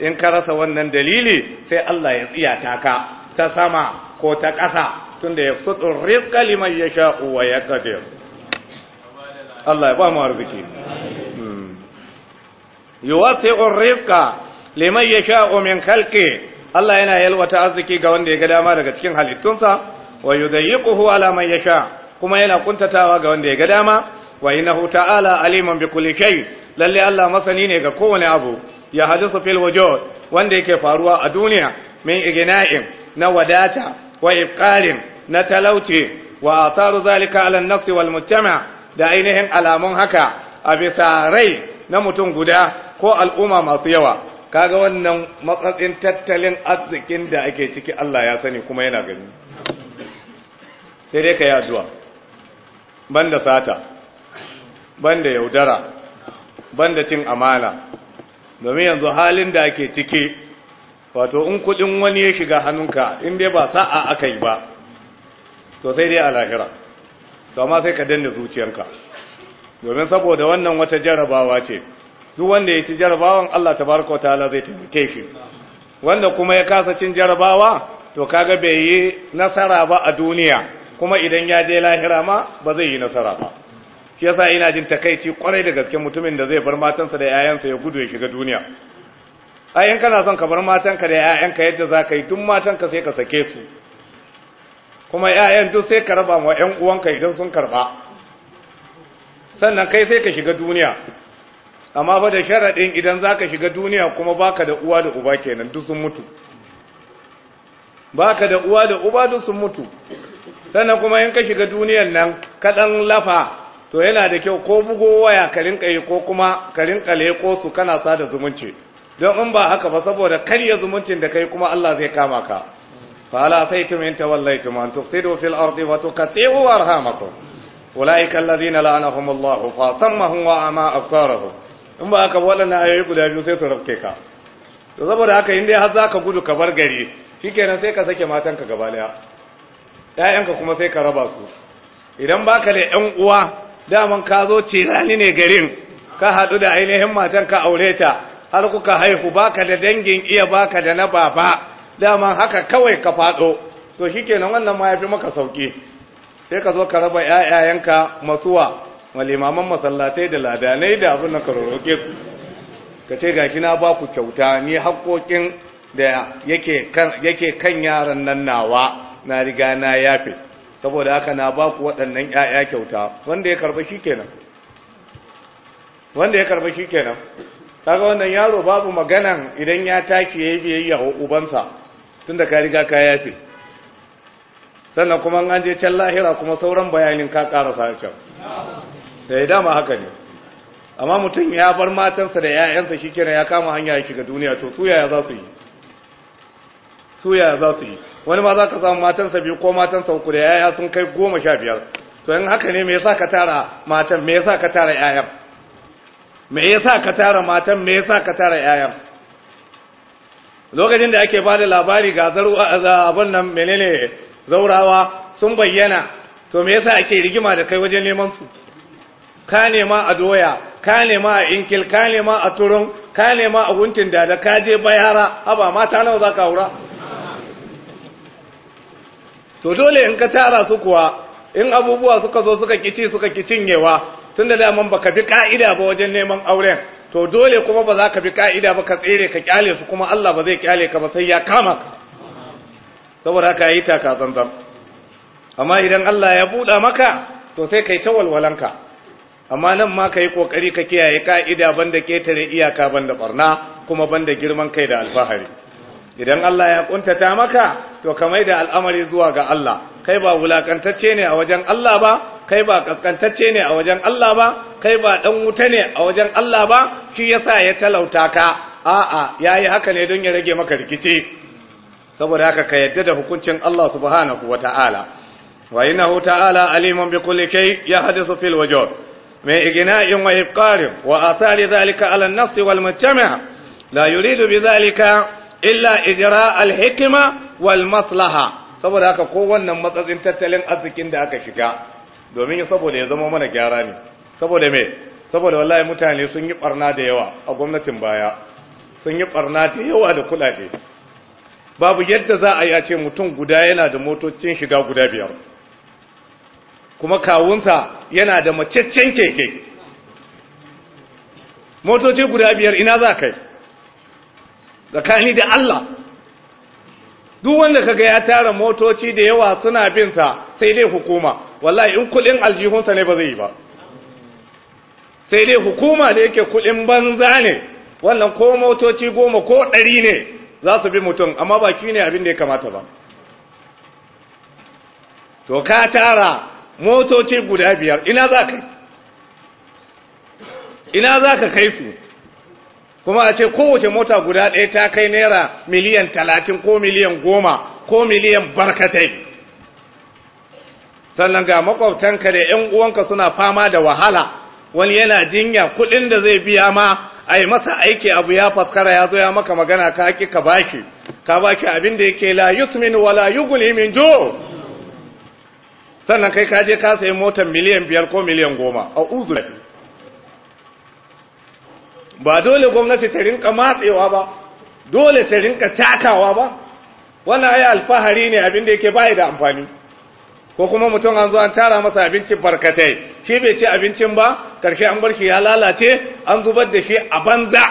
in ka rasa wannan dalili sai Allah ya tsiyata ka ta sama ko ta ƙasa tun da ya sutu rizqa liman yasha'u ya yaqdir Allah ya ba mu arziki hmm. yuwasi'u rizqa liman yasha'u min kalke Allah yana yalwata arziki ga wanda ya ga dama daga cikin halittunsa wa yudayyiquhu ala ya sha? kuma yana kuntatawa ga wanda ya ga dama wa huta ala aliman bi kulli lalle Allah masani ne ga kowane abu ya hadisu fil wajo wanda yake faruwa a duniya min igina'in na wadata wa ifqarin na talauci wa atharu zalika wal mujtama da ainihin alamun haka a bisa rai na mutum guda ko al'umma masu yawa kaga wannan matsatsin tattalin arzikin da ake ciki Allah ya sani kuma yana gani sai dai ka yi addu'a banda sata banda yaudara banda cin amana domin yanzu halin da ake ciki wato in kudin wani ya shiga hannunka in dai ba sa'a aka yi ba to sai dai a lahira to amma sai ka danna zuciyarka. domin saboda wannan wata jarabawa ce duk wanda ya ci jarabawan Allah tabaraka wataala zai taimake shi wanda kuma ya kasa cin jarabawa to kaga bai yi nasara ba a duniya kuma idan ya je lahira ma ba zai yi nasara ba shi yasa ina jin takaici kwarai da gaske mutumin da zai bar matansa da 'ya'yansa ya gudu ya shiga duniya ayin kana son ka bar matanka da 'ya'yanka yadda za ka yi tun matanka sai ka sake su kuma 'ya'yan duk sai ka raba wa 'yan uwanka idan sun karba sannan kai sai ka shiga duniya amma bada da sharaɗin idan za ka shiga duniya kuma baka da uwa da uba kenan duk sun mutu baka da uwa da uba duk sun mutu sannan kuma in ka shiga duniyan nan kaɗan lafa to yana da kyau ko bugo waya ka rinka yi ko kuma ka rinka leko su kana sada zumunci don in ba haka ba saboda karya zumuncin da kai kuma Allah zai kama ka fala sai saytum in tawallaytum an tufsidu fil ardi wa tuqatti'u arhamakum ulaika alladhina la'anahum Allah fa sammahum wa ama absarahum in ba haka wadannan ayoyi guda biyu sai su rafke ka to saboda haka in dai har zaka gudu ka bar gari shikenan sai ka sake matanka gaba daya ƴaƴanka kuma sai ka raba su idan baka da ƴan uwa daman ka zo cirani ne garin ka haɗu da ainihin matan ka aure ta har kuka haihu baka da dangin iya baka da na baba dama haka kawai ka faɗo to shikenan wannan ma yafi maka sauki sai ka zo ka raba 'ya'yayanka masuwa malimaman masallatai da ladanai da abin nan ka roke ku. ka ce ga kina ba ku kyauta ni haƙoƙin da yake kan yake kan yaran nan nawa na riga na yafe saboda haka na ba ku waɗannan ƴaƴa kyauta wanda ya karba shikenan wanda ya karba shikenan kaga wannan yaro babu maganan idan ya take yayi biyayya wa ubansa tunda ka riga ka yafe sannan kuma an je can lahira kuma sauran bayanin ka karasa can sai dama haka ne amma mutum ya bar matansa da 'ya'yansa shikenan ya kama hanya ya shiga duniya to su yaya za su yi su yaya za su yi wani ma za ka samu matansa biyu ko matansa uku da 'ya'ya sun kai goma sha biyar to in haka ne me yasa ka tara matan me yasa ka tara 'ya'yan me yasa ka tara matan me yasa ka tara yayan lokacin da ake ba da labari ga abin nan menene zaurawa sun bayyana to me yasa ake rigima da kai wajen neman su ka nema a doya ka nema a inkil ka nema a turun ka nema a guntin da da ka je bayara haba mata nawa za ka hura to dole in ka tara su kuwa in abubuwa suka zo suka kici suka kicinyewa tun da daman ka bi ka'ida ba wajen neman auren to dole kuma ba za ka bi ka'ida ba ka tsere ka kyale su kuma Allah ba zai kyale ka ba sai ya kama ka saboda haka yi taka zanzan. amma idan Allah ya buɗa maka to sai kai ta walwalanka amma nan ma kai kokari ka kiyaye ka'ida banda ketare iyaka banda barna kuma banda girman kai da alfahari idan Allah ya kuntata maka to ka da al'amari zuwa ga Allah kai ba wulakantacce ne a wajen Allah ba kai ba kaskantacce ne a wajen Allah ba kai ba ɗan wuta ne a wajen Allah ba shi yasa ya talauta ka a'a yayi haka ne don ya rage maka rikici saboda haka ka yadda da hukuncin Allah subhanahu wata'ala wa innahu ta'ala aliman bi kulli kay yahdathu fil wujud mai igna'in wa ibqarin wa asari dhalika ala an-nass wal yuridu لا illa بذلك al hikima wal maslaha. saboda haka ko wannan matsatsin tattalin arzikin da aka shiga domin saboda ya zama mana gyara ne saboda me saboda wallahi mutane sun yi barna da yawa a gwamnatin baya sun yi barna da yawa da kudade babu yadda za a yi a ce mutum guda yana da motocin shiga guda biyar kuma kawunsa yana da macaccen keke motoci guda biyar ina za kai tsakani da Allah duk wanda kaga ya tara motoci da yawa suna bin sa sai dai hukuma wallahi in kudin sa ne ba zai yi ba sai dai hukuma da yake kudin banza ne wannan ko motoci goma ko ɗari ne za su bi mutum amma baki ne abin da ya kamata ba to ka tara motoci guda biyar ina za ka ina za ka kai su kuma a ce kowace mota guda ɗaya ta kai naira miliyan talatin ko miliyan goma ko miliyan barkatai sannan ga makwabtanka da ‘yan uwanka suna fama da wahala wani yana jinya kuɗin da zai biya ma a yi masa aiki abu ya faskara ya zo ya maka magana ka haƙi ka baki ka baki abin da yake la yusmin wala yuguni min jo sannan kai ka je ka sayi motar miliyan biyar ko miliyan goma a uzu ba dole gwamnati ta rinka matsewa ba dole ta rinka takawa ba wannan ai alfahari ne abin da yake bai da amfani ko kuma mutum an zo an tara masa abincin barkatai shi bai ci abincin ba karshe an barki ya lalace an zubar da shi a banza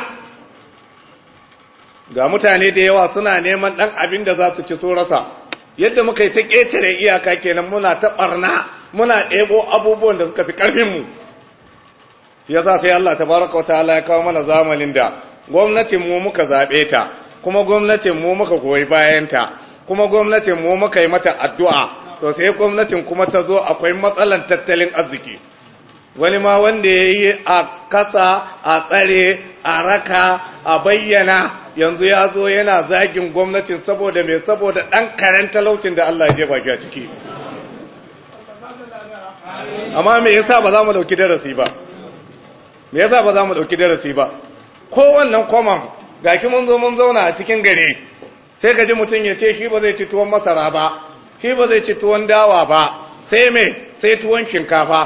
ga mutane da yawa suna neman dan abin da za su ci su rasa yadda muka yi ta ƙetare iyaka kenan muna ta barna muna ɗebo abubuwan da suka fi ƙarfinmu ya sa sai Allah tabaraka wa ta'ala ya kawo mana zamanin da gwamnatin mu muka zaɓe ta kuma gwamnatin mu muka goyi bayan ta kuma gwamnatin mu muka yi mata addu'a to sai gwamnatin kuma ta zo akwai matsalan tattalin arziki wani ma wanda ya yi a kasa a tsare a raka a bayyana yanzu ya zo yana zagin gwamnatin saboda mai saboda ɗan karen talaucin da Allah ya je baki a ciki amma me yasa ba za mu dauki darasi ba me yasa ba za mu ɗauki darasi ba ko wannan ga ki mun zo mun zauna a cikin gari sai gaji mutum ya ce shi ba zai ci tuwon masara ba shi ba zai ci tuwon dawa ba sai me sai tuwon shinkafa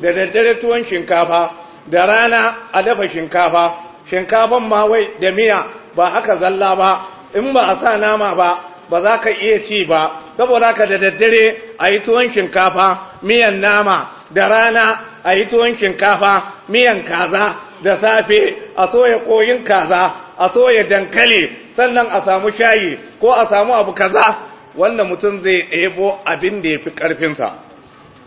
da daddare tuwon shinkafa da rana a dafa shinkafa shinkafan ma wai da miya ba haka zalla ba in ba a sa nama ba ba za ka iya ci ba saboda haka da daddare a yi tuwon shinkafa miyan nama da rana a yi tuwon shinkafa miyan kaza da safe a soya koyin kaza a soya dankali sannan a samu shayi ko a samu abu kaza wanda mutum zai ɗebo abin da ya fi ƙarfinsa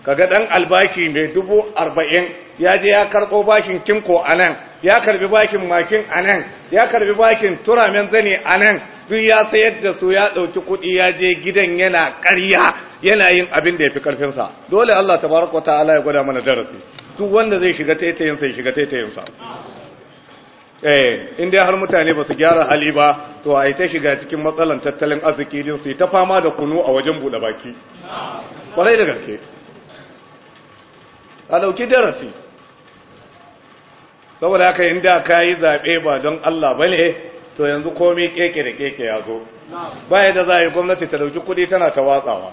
kaga ɗan albashi mai dubu arba'in ya je ya karɓo bashin kinko a nan ya karbi bakin makin anan ya karbi bakin turamen zane anan duk ya sayar da su ya ɗauki kuɗi ya je gidan yana ƙarya yana yin abin da ya fi ƙarfinsa dole Allah tabaraka ta'ala ya gwada mana darasi duk wanda zai shiga taitayin sai shiga taitayin sa eh in dai har mutane ba su gyara hali ba to a ta shiga cikin matsalan tattalin arziki din su ta fama da kunu a wajen buɗe baki kwarai da gaske a ɗauki darasi saboda haka inda ka yi zaɓe ba don Allah ba ne to yanzu komai keke da keke ya zo baya da za a yi gwamnati ta dauki kuɗi tana ta watsawa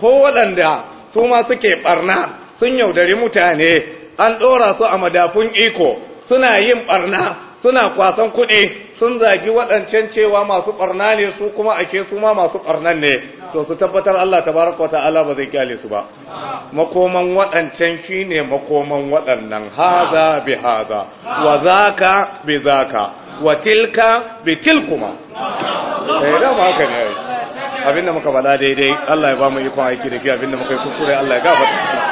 ko waɗanda su ma suke ɓarna sun yaudari mutane an ɗora su a madafun iko suna yin ɓarna suna kwasan kuɗi sun zagi waɗancan cewa masu ɓarna ne su kuma ake su ma masu ɓarnan ne to su tabbatar Allah ta tabaraka ta'ala ba zai kyale su ba makoman waɗancan shi ne makoman waɗannan haza bi haza wa zaka bi zaka wa tilka bi tilkuma eh da ma haka ne abinda muka faɗa daidai Allah ya ba mu ikon aiki da shi abinda muka yi kuskure Allah ya gafarta